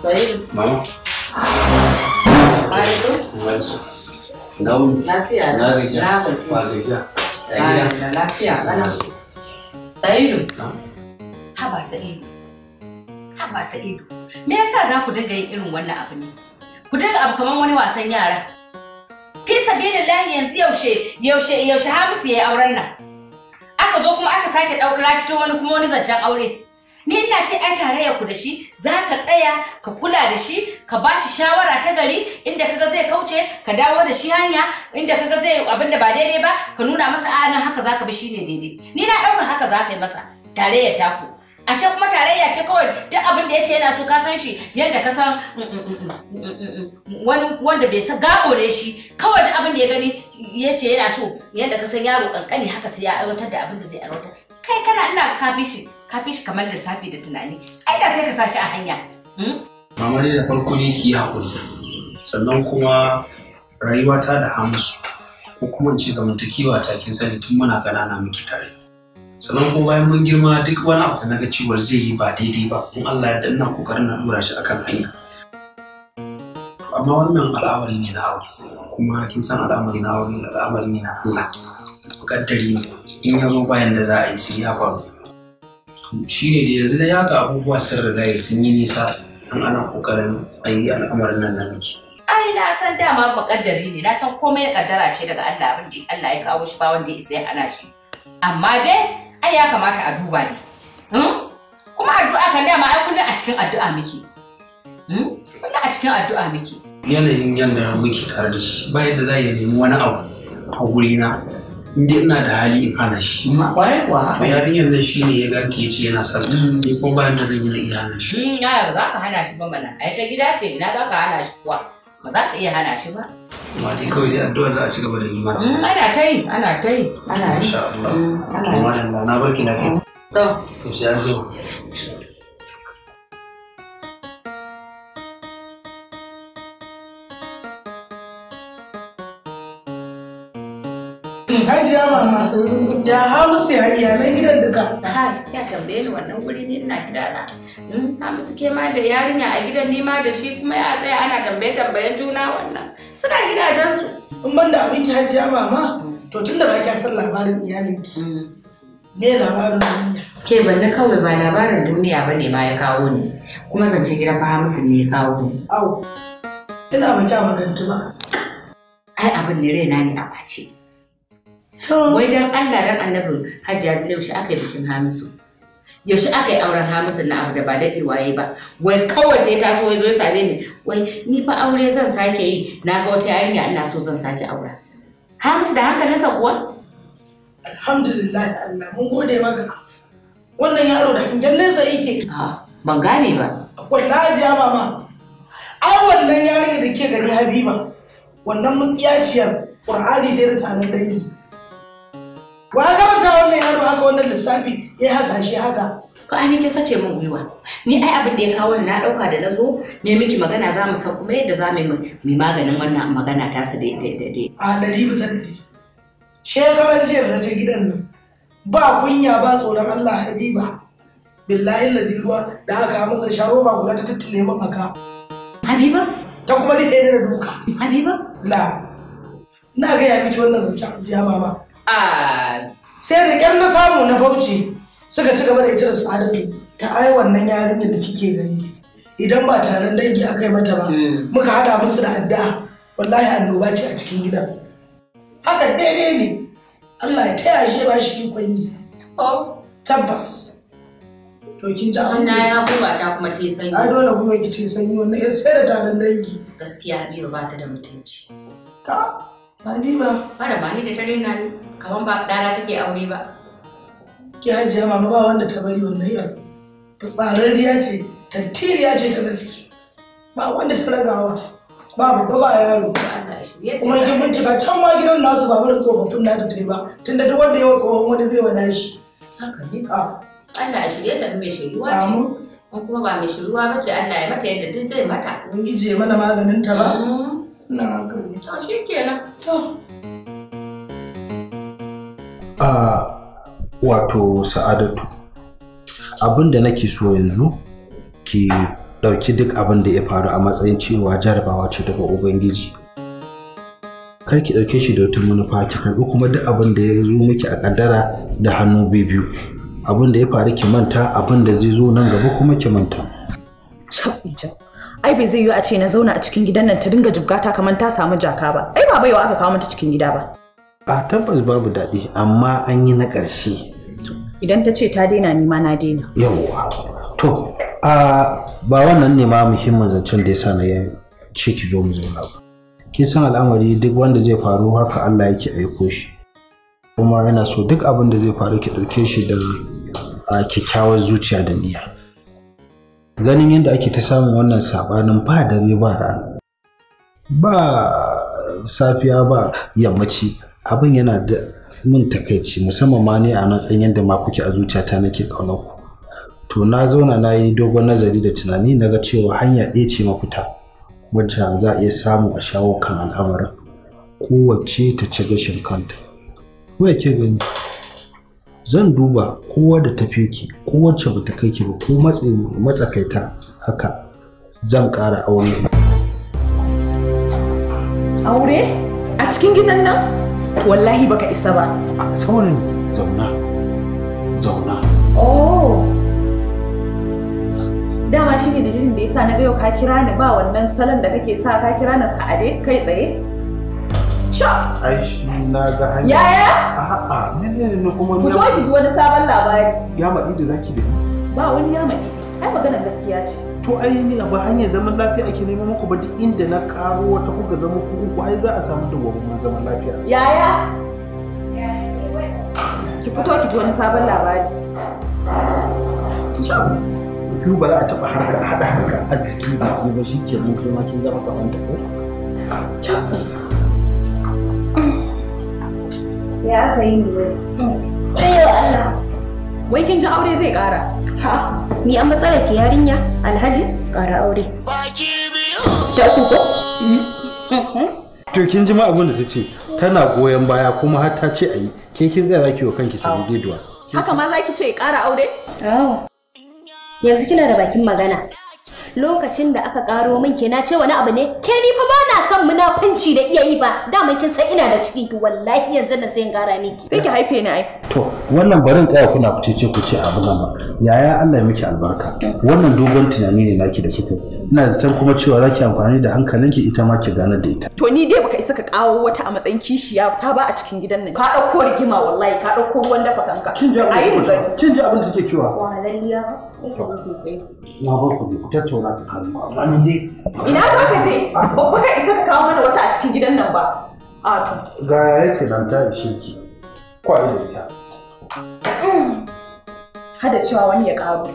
Saído? Mama. Pai do? Wilson. Não. Lafiya. Na gaji. Na gaji. Ba gaji. Lafiya. Lafiya. Lafiya. Saído? Masa ido, me yasa za ku dinga yin irin wannan abu ne ku dinga abu kamar wani wasan yara fi sabilillahi yanzu yaushe yaushe yaushe hamisu yi auren nan aka zo kuma aka sake ɗauki fito wani kuma wani zancen aure ni ina ce ai tarayya ku da shi za ka tsaya ka kula da shi ka ba shi shawara ta gari inda kaga zai kauce ka dawo da shi hanya inda kaga zai abin da ba daidai ba ka nuna masa a nan haka zaka bi shi ne daidai ni na dauka haka zaka yi masa tarayyar taku ashe kuma tarayya ce kawai duk abin da ya yana so ka san shi yadda ka san mm, mm, mm, wani wanda bai san gabo da shi kawai duk abin da ya gani yace yana so yadda ka san yaro kankani haka sai ya aiwatar da abin da zai aiwatar kai kana ina ka shi ka shi kamar lissafi da tunani ai da sai ka sa shi a hanya hmm? mama da farko ne ki hakuri sannan kuma rayuwata da hamsu ko kuma in ce zamantakewa ta kin sani tun muna ƙanana muke tare sannan kuma bayan mun girma duk wani abu da naga cewar zai yi ba daidai ba in Allah ya danna kokarin na dora shi akan hanya amma wannan al'amari ne na aure kuma kin san al'amari na aure al'amari ne na Allah kaddari ne in ya zo bayan da za a yi sai ya faru shi ne da yanzu da ya ga abubuwa sun riga ya sun yi nisa an ana kokarin a yi al'amarin nan namiji ai na san dama muƙaddari ne na san komai kaddara ce daga Allah abin da Allah ya kawo shi ba wanda ya isa ana shi amma dai ai ya kamata a duba ne hmm? kuma addu'a kan dama ai kullum a cikin addu'a muke hmm? kullum a cikin addu'a muke yanayin yadda muke tare da shi ba yadda za ya nemi wani abu a wurina inda ina da hali in hana shi kwarai kuwa to yarinyar nan shi ne ya ganta ya ce yana sarki ne ko ba yadda zan yi na iya hana shi hmm, ya ba za ka hana shi ba mana ai ta gida ce ina za ka hana shi kuwa ba za ka iya hana shi ba amma dai kawai dai addu'a za a ci gaba da yi ma. Mm, ana ta yi ana ta yi ana yi insha Allah mm, amma da na barki na kai to insha Allah Hajiya mama. Ya sai a iyalan gidan duka. Kai, ya tambaye ni wannan guri ne ina gidana. Hmm, musu ke ma da yarinya a gidan ni ma da shi kuma ya tsaya ana tambaye tambayen juna wannan. Suna gidajensu. In ban da abin ki hajiya mama, to tun da ba kya san labarin iyalinki. Hmm. Me labarin duniya? Ke balle kawai ba labarin duniya ba ne ma ya kawo ni. Kuma zance gidan fa musu ne ya kawo ni. Au, ina ba kya magantu ba. Ai abin ne raina ne a ɓace. wai dan Allah dan annabin hajji yanzu yaushe aka yi bikin hamisu yaushe aka yi auren hamisu na abu da ba daɗi waye ba wai kawai sai ta so ya zo ya same ni wai ni fa aure zan sake yi na ga wata yarinya ina so zan sake aura hamisu da hankalinsa kuwa alhamdulillah Allah mun gode maka wannan yaro da hangen nesa yake ban gane ba wallahi ya mama ai wannan yarinya da ke gani habiba wannan musiyaciyar qur'ani sai da nan dangi wa karanta wannan yaro haka wannan lissafi ya hasashe haka to ai ke sace min gwiwa ni ai abin da ya kawo na dauka da nazo ne miki magana za mu san kuma yadda za mu yi maganin wannan magana ta su da a dari she ka shekaran je na ce gidan nan ba kunya ba tsoron Allah habiba billahi lazi ruwa da aka masa sharo ba guda ta tattune min aka habiba ta kuma dade da duka habiba la na ga ya miki wannan zancen ajiya baba a sai riƙar na samu na bauchi suka ci gaba da ita da sa'adatu ta ai wannan yarinyar da kike gani idan ba taron dangi akai mata ba hmm. muka hada musu da adda. wallahi annoba ce a cikin gidan haka daidai ne Allah ya taya shi ba shi ikon yi oh. tabbas to kin ji abin na ya kuma ta kuma ta sanyi a dole kuma ki ta sanyi wannan sai da taron dangi gaskiya Habiba ba ta da mutunci ka Ba Mara ba ni da tare na kamar ba ɗana take aure ba. Ki hajiya mama ba wanda ta bari wannan yar. Fitsararriya ce, tantiriya ce ta gaske. Ba wanda ta ragawa. Ba babba ba yaro. Kuma kin bincika can ma gidan nasu ba wani tsofaffin na ta yi ba. Tunda duk wanda ya wa tsohon wani zai wada shi. Haka ne. Ah. Allah a shirye ta mai shiruwa ce. Amin. kuma ba mai shiruwa ba ce Allah ya mata yadda duk zai mata. Ubangiji ya mana maganin ta ba. Mm. na gani to shikenan to a wato sa'adatu abin da nake so yanzu ki ɗauki duk abin da ya faru a matsayin cewa jarabawa ce daga ubangiji kar ki ɗauke shi da wata manufa ki karɓi kuma duk abin da ya zo miki a ƙaddara da hannu biyu abin da ya faru ki manta abin da zai zo nan gaba kuma ki manta. ai bai zai yiwu a ce na zauna a cikin gidan nan ta dinga jibgata kamar ta samu jaka ba ai ba baiwa aka kawo mata cikin gida ba a tabbas babu daɗi amma an yi na ƙarshe idan ta ce ta daina ni ma na daina yawwa to a ba wannan ne ma muhimmin zancen da yasa na ya ce ki zo mu zauna ba kin san al'amari duk wanda zai faru haka Allah yake aiko shi kuma yana so duk abin da zai faru ki ɗauke shi da kyakkyawar zuciya da niyya ganin yadda ake ta samun wannan saɓanin ba dare ba rana ba safiya ba yammaci abin yana da mun takaici musamman ma ne a matsayin yadda ma kuke a ta nake ƙaunar ku to na zauna na yi dogon nazari da tunani na ga cewa hanya ɗaya ce mafita wacce za a iya samu a shawo kan al'amarin kowace ta ci gashin kanta. Wai ke gani? zan duba kowa da tafi ki ko wacce ba kai ki ba ko matsi matsakaita haka zan ƙara aure. Aure? A cikin gidan nan? To wallahi baka isa ba. A tsawon zauna. Zauna. Oh. Dama shine dalilin da yasa na ga yau ka kira ni ba wannan salon da kake sa ka kira ni sa'ade kai tsaye. Ai shi na ga hanya. Yaya? A'a, menene ne kuma ni? Ku ji wani sabon labari. Ya maɗi da zaki da ni. Ba wani ya maɗi. Ai magana gaskiya ce. To ai ni a ba hanyar zaman lafiya ake neman muku ba duk inda na karo wata kuka zama ku uku ai za a samu dawwammamin zaman lafiya. Yaya? Ki fito ki ji wani sabon labari. Ki ba za a taɓa harkar haɗa harkar arziki da ke ba shi ke nan ke ma kin zama kamar ta ko? Ya aka yi ne Wai kin ji aure zai ƙara? Ha, ni an matsalar ke yarinya Alhaji ƙara aure. Ta ku ko? Mm-hmm. To kin ji ma abin da ta ce tana goyon baya kuma har ta ce a yi ke kin tsaya zaki wa kanki sabu giduwa. Haka ma zaki ce ƙara aure? Yanzu kina da bakin magana. lokacin da aka karo min ke na ce wani abu ne ke ni fa ba na son munafunci da iya yi ba dama kin san ina da ciki to wallahi yanzu na sai gara miki sai ki haife ni ai to wannan barin tsaya kuna fice ce ku ce abu nan ba yaya Allah ya miki albarka wannan dogon tunani ne naki da kika ina da san kuma cewa zaki amfani da hankalinki ita ma ki gane da ita to ni dai baka isa ka kawo wata a matsayin kishiya ta ba a cikin gidan nan ka dauko rigima wallahi ka dauko ruwan dafa kanka kin ji abin da kin ji abin da suke cewa wa lalliya na ba ku ku tattauna ka kalma amma ni dai ina za ka je ba ka isa ka kawo mana wata a cikin gidan nan ba a to ga yake nan ta ishe ki kwai da ita hada cewa wani ya ƙaru.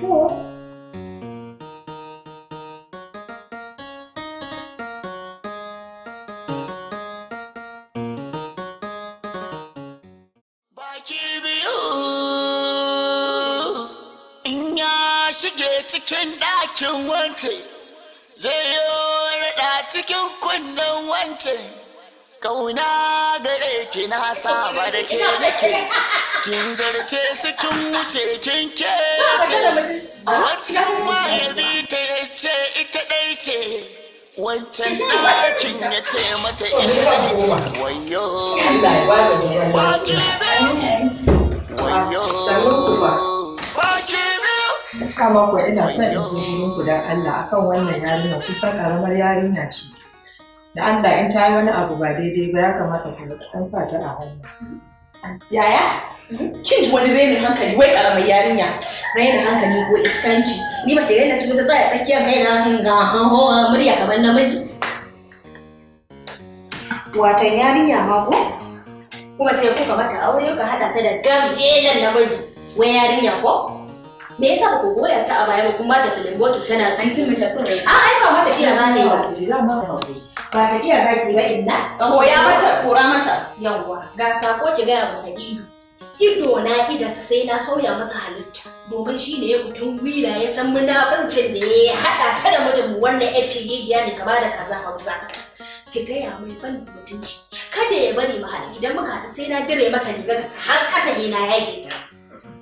to zai raɗa cikin kunnen wance kauna gare ki na saba da ke nake kin zarce su wuce kin kece wancan ma ya bi ta ya ce ita dai ce wancan ɗakin ya ce mata ita dai ce wayo wayo kama mako ina son in zo gurin guda Allah akan wannan yarinya kusan karamar yarinya ce da Allah in ta yi wani abu ba daidai ba ya kamata ku dan sa ta a hannu yaya hmm? kin ji wani rainin hankali wai karamar yarinya rainin hankali ko iskanci ni ba ta raina tuba ta tsaya tsakiyar kai na ga hanhowa murya kamar namiji watan yarinya ma ko kuma sai kuka mata aure ka hada ta da gamjejen namiji wai yarinya ko me yasa ba ku goya ta a baya ba kuma ta filin boto tana san cin mace kun rai a ai ba ma za ta yi ba ba tafiya za ki ba inna koya mata kora mata yawwa ga sako ki gaya masa ido ido na ida sai na sauya masa halitta domin shi ne ya kutun gwila ya san munafancin da ya haɗa ta da mijin wannan fpd biya mai kama da kaza hausa ki gaya mai ban mutunci kada ya bari mu haɗu idan muka haɗu sai na dire masa rigar har ƙasa ne na yage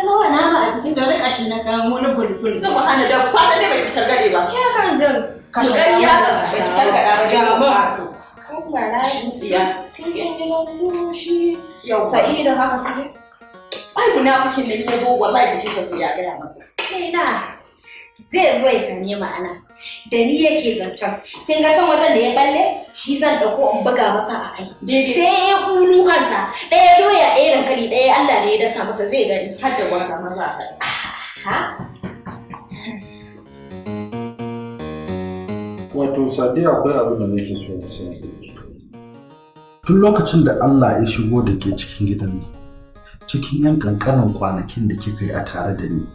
ke kawo nama a cikin da rika shi na kamo na bulbul saboda ana da kwata ne baki targade ba ke kan jin kashin ya baki targada ba jama ba kashin tsiya kin gidan dushi yau sa'i da haka su ai kuke ne ya go wallahi jikin sai ya gaya masa kaina zai zo ya sanye ma'ana da ni yake zancen kin ga can wajen da ya balle shi zan dauko in buga masa a kai sai ya kunu kansa ɗaya doya ɗaya da kari ɗaya Allah ne ya dasa masa zai gani har da wata maza a kai wato sadiya akwai abin da nake so na sani tun lokacin da Allah ya shigo da ke cikin gidan nan cikin yan kankanin kwanakin da kika yi a tare da ni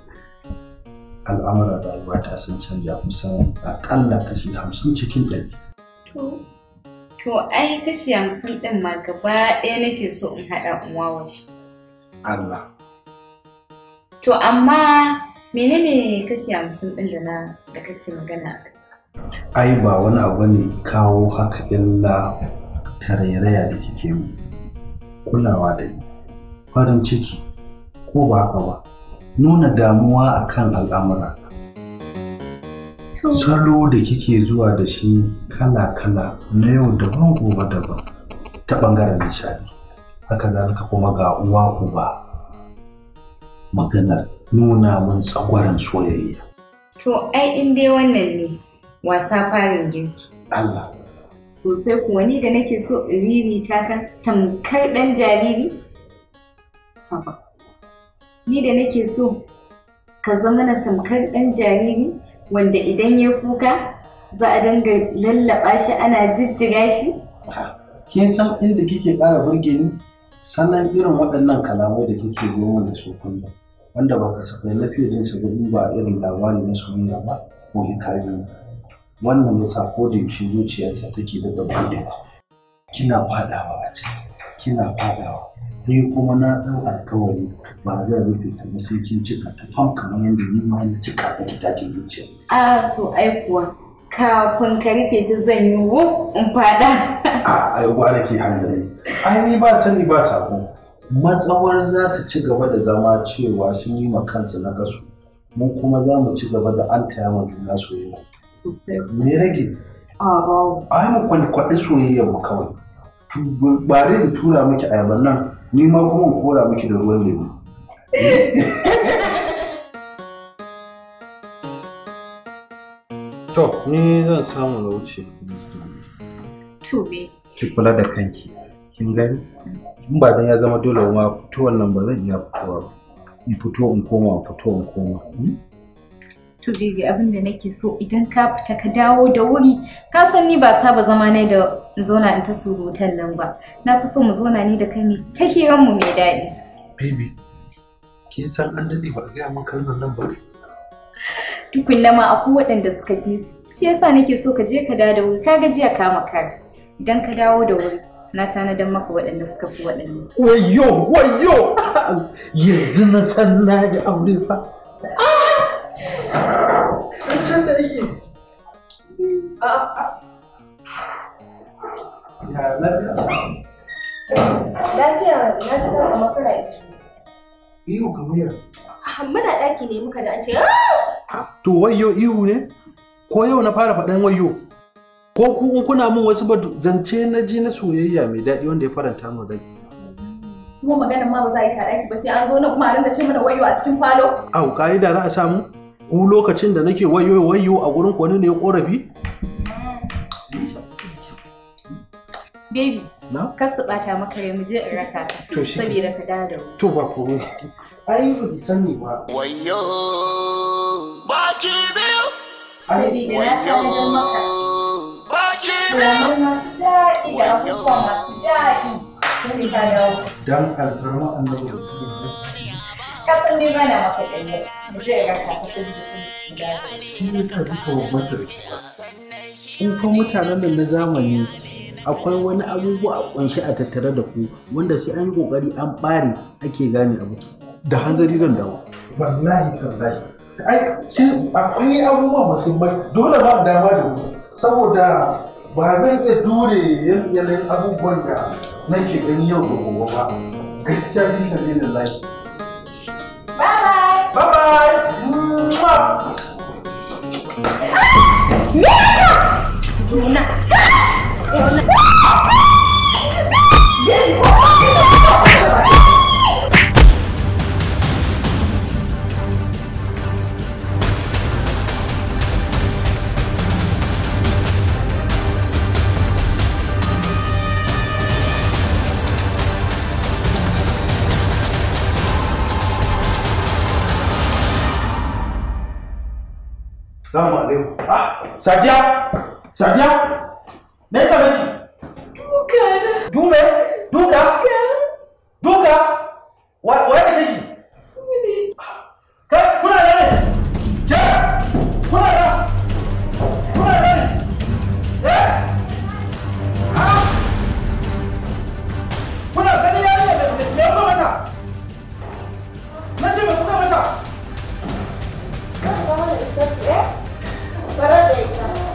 al'amuran rayuwa ta sun canja kusan akalla kashi hamsin cikin ɗari. To, ai kashi hamsin ɗin ma gaba ɗaya nake so in haɗa in wawa shi. Allah. To amma menene kashi hamsin ɗin da na da kake magana a Ai ba wani abu ne kawo haka illa tarairaya da kike mu. Kulawa da ni, farin ciki, ko ba haka ba. nuna damuwa akan al'amura salo da kike zuwa da shi kala-kala na yau daban gobe daban ta ɓangaren nishadi haka zalika kuma ga uwa uba maganar nuna mun tsagwaran soyayya to ai in dai wannan ne wasa farin girki Allah sosai kuwa ni da nake so in ta kan tamkar ɗan jariri haba ni da nake so ka zama na tamkar ɗan jariri wanda idan ya kuka za a dinga lallaɓa shi ana jijjiga shi? Kin san inda kike ƙara burge ni? Sannan irin waɗannan kalamai da kike goma da su kullum wanda ba ka na fiye jin su ba irin labari na soyayya ba ko hikayoyi. Wannan sa ko da yaushe zuciyarta take daga bude kina faɗawa a ciki kina faɗawa sai kuma na ɗau alkawari ba zan rufe ta ba sai kin cika ta tom kamar yadda ni ma na cika ta ta ke zuciya. A to ai kuwa kafin ka rufe ta zan yi wu in faɗa. A ai gwara ke hanzari. Ai ni ba sani ba sako. Matsawar za su ci gaba da zama cewa sun yi ma kansu na kasu. Mun kuma za mu ci gaba da an taya ma juna soyayya. Sosai. Me rage? A ba. Ai mu kwaɗi soyayyar mu kawai. Bare in tura miki ayaban nan ni ma kuma kora miki da ruwan lemu to ni zan samu na wuce to be ki kula da kanki kin gani in ba dan ya zama dole ma fito wannan ba zan iya fitowa ba in fito in koma fito in koma hmm? to baby abin da nake so idan ka fita ka dawo da wuri ka san ni ba saba zama ne da zauna in ta surutan nan ba na fi so mu zauna ni da kai mu ta hiran mu mai daɗi baby kin san an dade ba ga mun kalmar nan ba tukunna ma akwai waɗanda suka fi su shi yasa nake so ka je ka dawo da wuri ka gajiya kama kar idan ka dawo da wuri na tanadar maka waɗanda suka fi waɗanda. Wayo, wayo! Yanzu na san na da aure fa. Ah! Ɗan can da yake. Ya lafiya? Lafiya na ci kan amma kana ihu. Ihu kamar Muna ɗaki ne muka da an ce ah! To wayo ihu ne? Ko yau na fara faɗan wayo? Ko ku kuna min wasu ba zance na ji na soyayya mai daɗi wanda ya faranta mu rai. Kuma maganar ma ba za a yi kaɗaki ba sai an zo nan kuma a rinka ce mana wayo a cikin falo. Au, ka yi za a samu? ku lokacin da nake wayo wayo a gurin kwani ne korafi baby na ka su bata maka ya mu je in raka saboda ka dawo da to ba ku ai ku ki sani ba wayo ki biyu ai da na ka da Ba ki biyu na daɗi da abubuwa masu daɗi dan alfarma annabi kullum ne mu da shi sa duka in kan mutanen da na zamani akwai wani abubuwa a kunshi a tattare da ku wanda sai an yi kokari an bare ake gane abu da hanzari zan dawo wallahi tallahi ai shi akwai abubuwa masu mai dole ba dama da ku saboda ba zan iya dure yanayin abubuwan da nake gani yau da gobe ba gaskiya bishan ne da lafiya 拜拜，出发！啊，你干什么？你滚！啊，你滚！Salamu alaikum. Ah, Sadiya! Sadiya! Me yasa miki? Duka. Dume? Duka? Duka? Wa wa yake ki? Sune. Ah, kai kuna ne?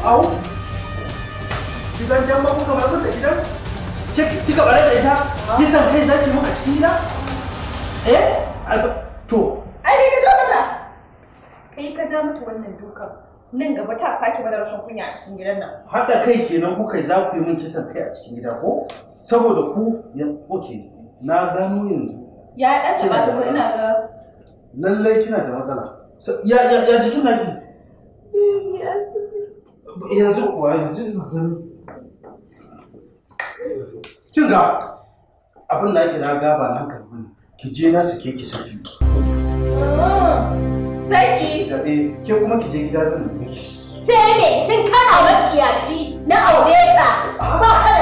au gidan jan maku kamar kun da gidan kika bare da ita kisan kai zaki mu a cikin gida eh to ai dai ka ja mata kai ka ja mata wannan dukan nan gaba ta sake mana rashin kunya a cikin gidan nan haɗa kai kenan kuka za ku yi min kisan kai a cikin gida ko saboda ku ya oke na gano yanzu ya ɗan taɓa ina ga lallai kina da matsala ya jikin naki yanzu kuwa kin ga abin da ake na gaba hankali bane ki na sake saki ke kuma sai me kana matsiyaci na aure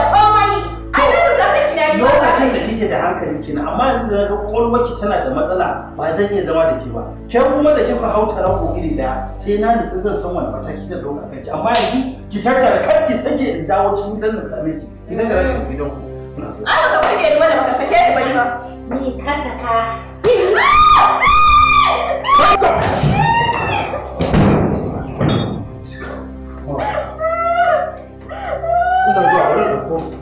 kike da hankali kenan amma yanzu da ga kwalwarki tana da matsala ba zan iya zama da ke ba ke kuma da kika hauta rago iri daya sai na nutsu zan san wani mataki zan dauka kanki amma yanzu ki tattara kar ki sake in dawo cikin gidan nan same ki ki tattara ku gidan ku ai ka burge ni mana baka sake ni bari ba ni ka saka Oh,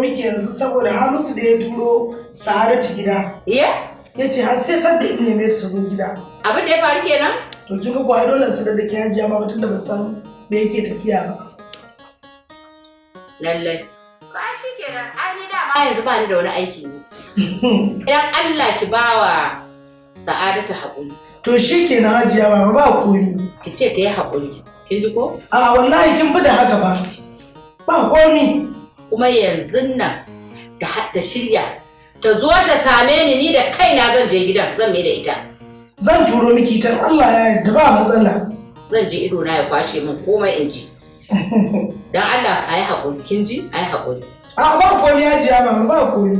zo miki yanzu saboda Hamisu da ya turo Sa'adatu gida. Ye? Ya ce har sai sadda in neme ta zo gida. Abin da ya faru kenan? To kin ga kuwa dole su da da kiyan jiya ma tunda ba san me yake tafiya ba. Lallai. Ba shi kenan, ai ni dama yanzu ba ni da wani aiki ne. Idan Allah ki bawa Sa'adatu haƙuri. To shi kenan hajiya ba ba koyi. Ki ce ta yi haƙuri. Kin ji ko? A wallahi kin fi da haka ba. Ba komi. kuma yanzu nan ta shirya ta zo ta same ni ni da kaina zan je gidan zan mai da ita zan turo miki ta Allah ya yarda ba matsala zan je ido na ya kwashe min komai in ji dan Allah ayi hakuri kin ji ayi hakuri a ba ko ni ji mama ba ko ni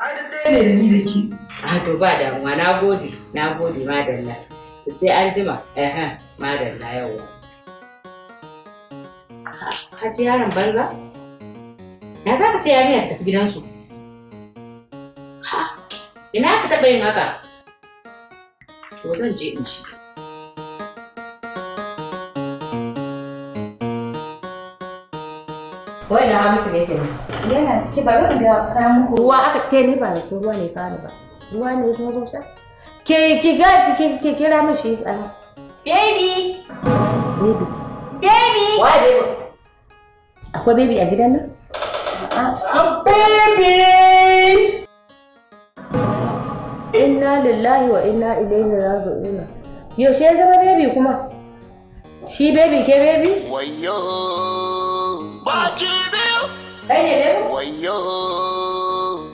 a dai ne da ni da ke a to ba damuwa na gode na gode madalla sai an jima eh madalla yawa yaron banza? Ya za ka ce yarinya ta tafi gidansu? Ha, ina ka taɓa yin haka? To zan je in ci. Wai da Hamisu ne ta ne. Yana ciki ba zan ga kayan muku ruwa aka ke ne ba da ruwa ne fara ba. Ruwa ne zo zo sha. Ke ki ga ki ki kira min shi ana. Baby. Baby. Baby. Wai baby. Akwai baby a gidan nan? a baby inna lillahi wa inna ilaihi raji'una yaushe ya zama baby kuma shi baby ke baby wayo ki biyu kai ne baby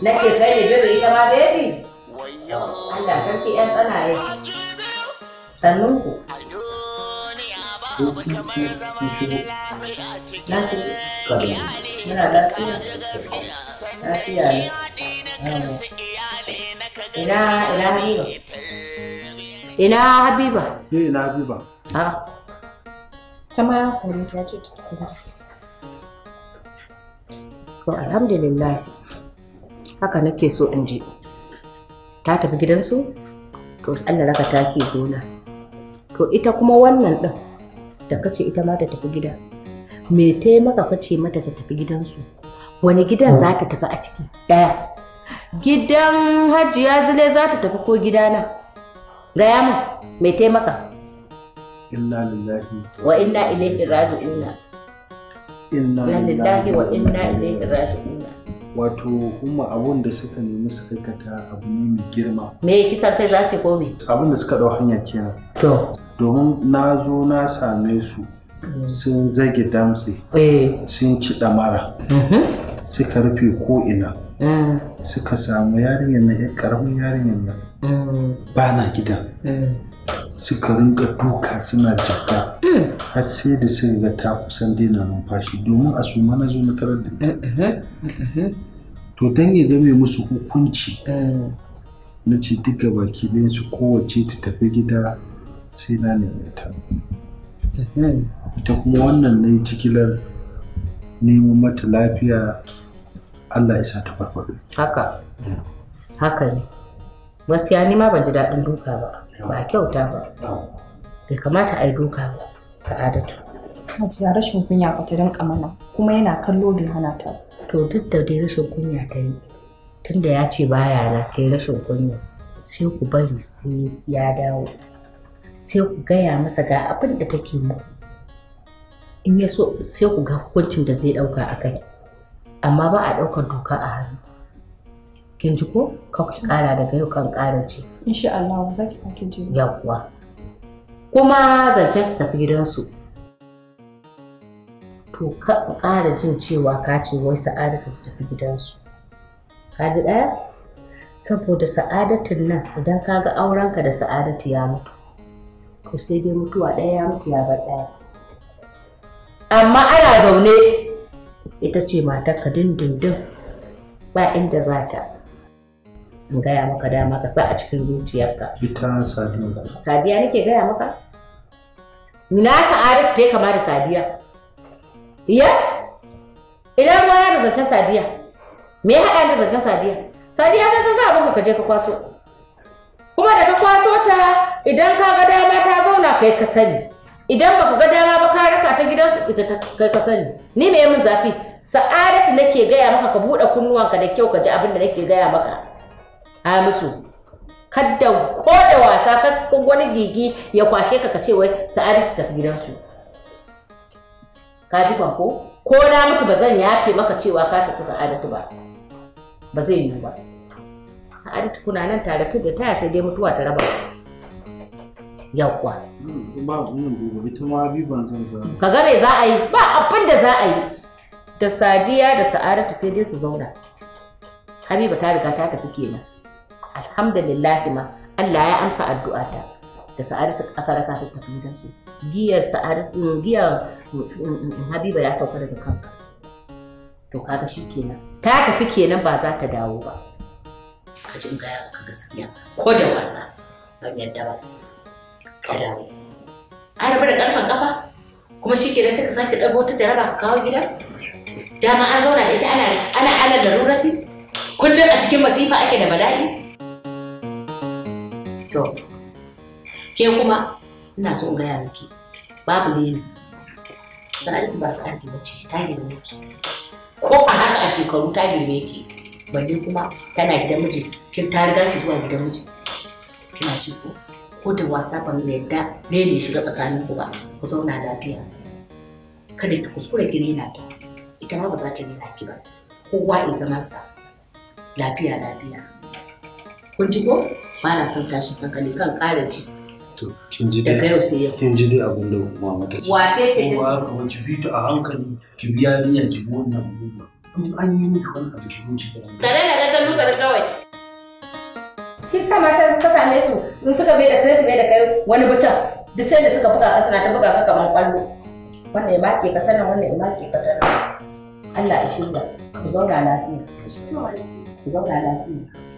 Na nake kai ne baby ita ma baby wayo Allah sarki yan tsanaye sannunku ina habiba ina habiba a ah. kama kwari ta ce ta nake so in ji ta tafi gidansu to Allah raka take gona to ita kuma wannan din da ka ce ita ma ta tafi gida me ta yi maka ka ce mata ta tafi gidansu wani gidan za ta tafi a ciki ɗaya gidan hajiya zile za ta tafi ko gidana gaya mu me ta yi maka inna lillahi wa inna ilaihi raji'un inna lillahi wa inna ilaihi raji'un wato kuma abun da suka nemi suka kata abu ne mai girma me kisa kai za su yi kome abun da suka dau hanya kenan to domin na zo na same su sun zage damsi eh. sun ci ɗamara mhm. suka rufe ko'ina mm. suka samu yarinyar nan yan karamin yarinyar nan mm. ba na gidan mm. suka rinka duka suna jaka har sai da suka ga ta kusan daina numfashi domin a suma na zo na tarar da mm-hmm. Mm-hmm. to don ya zame musu hukunci na ce duka baki su kowace ta tafi gida sai na nemi ta hmm. ita kuma wannan ne cikilar neman mata lafiya Allah ya sa ta farfaɗo haka hmm. haka ne gaskiya ni ma ban ji daɗin duka ba hmm. ba a kyauta ba bai kamata a yi duka ba sa'adatu Hajiya rashin kunya ba ta rinka mana kuma yana kallo bai hana ta to duk da dai rashin kunya ta yi tunda ya ce baya na kai rashin kunya sai ku bari sai ya dawo sai ku gaya masa ga abin da take muku in ya so sai ku ga hukuncin da zai ɗauka a kai amma ba a ɗaukar doka a hannu kin ji ko ka ku ƙara daga yau kan ƙara ce insha Allah za ki saki ji Ya kuwa. kuma zancen ki tafi gidansu to ka ƙara jin cewa ka ce wai sa'adatu ta tafi gidansu ka ji ɗaya saboda sa'adatin nan idan ka ga aurenka da sa'adatu ya mutu ko sai dai mutuwa ɗaya ya mutu ya bar ɗaya amma ana zaune ita ce matar ka dindindin ba inda za ta in gaya maka dama ka sa a cikin zuciyarka ita sadiya sadiya nake gaya maka na sa'adatu ta kama da sadiya iya idan ma yana da zancen sadiya me ya haɗa da zancen sadiya sadiya ta ga abin ka je ka kwaso kuma da ka kwaso ta idan ka ga dama ta zauna kai ka sani idan baka ga dama ba ka raka ta gidansu ita ta kai ka sani ni me min zafi sa'adatu nake gaya maka ka buɗe kunnuwanka da kyau ka ji abin da nake gaya maka a musu kadda ko da wasa ka wani gigi ya kwashe ka ka ce wai sa'adatu tafi gidansu ka ji ko ko na mutu ba zan yafe maka cewa ka saki sa'adatu ba ba zai yiwu ba sa'adatu kuna nan tare da taya sai dai mutuwa ta raba yawwa ba wannan gobe ta ma bi ban san ka ga me za a yi ba abin da za a yi da sadiya da sa'adatu sai dai su zauna habiba ta riga ta tafi kenan alhamdulillah ma Allah ya amsa addu'a ta. da sa'adatu aka raka ta tafi su. giyar sa'adatu mm, giyar mm, mm, habiba ya sauka daga kanka to kaga shi kenan ta tafi kenan ba za ta dawo ba ka jin gaya ka gaskiya ko da wasa ban yadda ba an rabu da karfin kafa kuma shi kenan sai ka sake ɗago wata jaraba ka kawo gida dama an zauna da ita ana ana ana rurati? kullum a cikin masifa ake da bala'i to ke kuma ina so in gaya miki babu ne leni sa'adu ba sa'adu ba ce ta girme ki ko a haka a shekaru ta girme ki balle kuma tana gidan miji kin ta riga ki zuwa gidan miji kina ciko ko da wasa ban yadda lele shiga tsakanin ku ba ku zauna lafiya kada ki kuskure ki rena ta ita ma ba za ta rena ki ba kowa ya zama sa lafiya lafiya kun ji ko ba na son tashi hankali kan ƙara ji da kai sai kin ji dai abin da kuma mata ce wace ce kowa kuma ki bi ta a hankali ki biya niyan ki bi wannan abubuwa in an yi miki wani abu ki wuce da kare da gaggalu lutsar kawai shi sa mata ka same su in suka bai da kai su bai da kai wani butan duk sai da suka buga ka suna ta buga ka kamar kwallo wannan ya make ka sanan wannan ya make ka sanan Allah ya shirya ku zauna lafiya ku zauna lafiya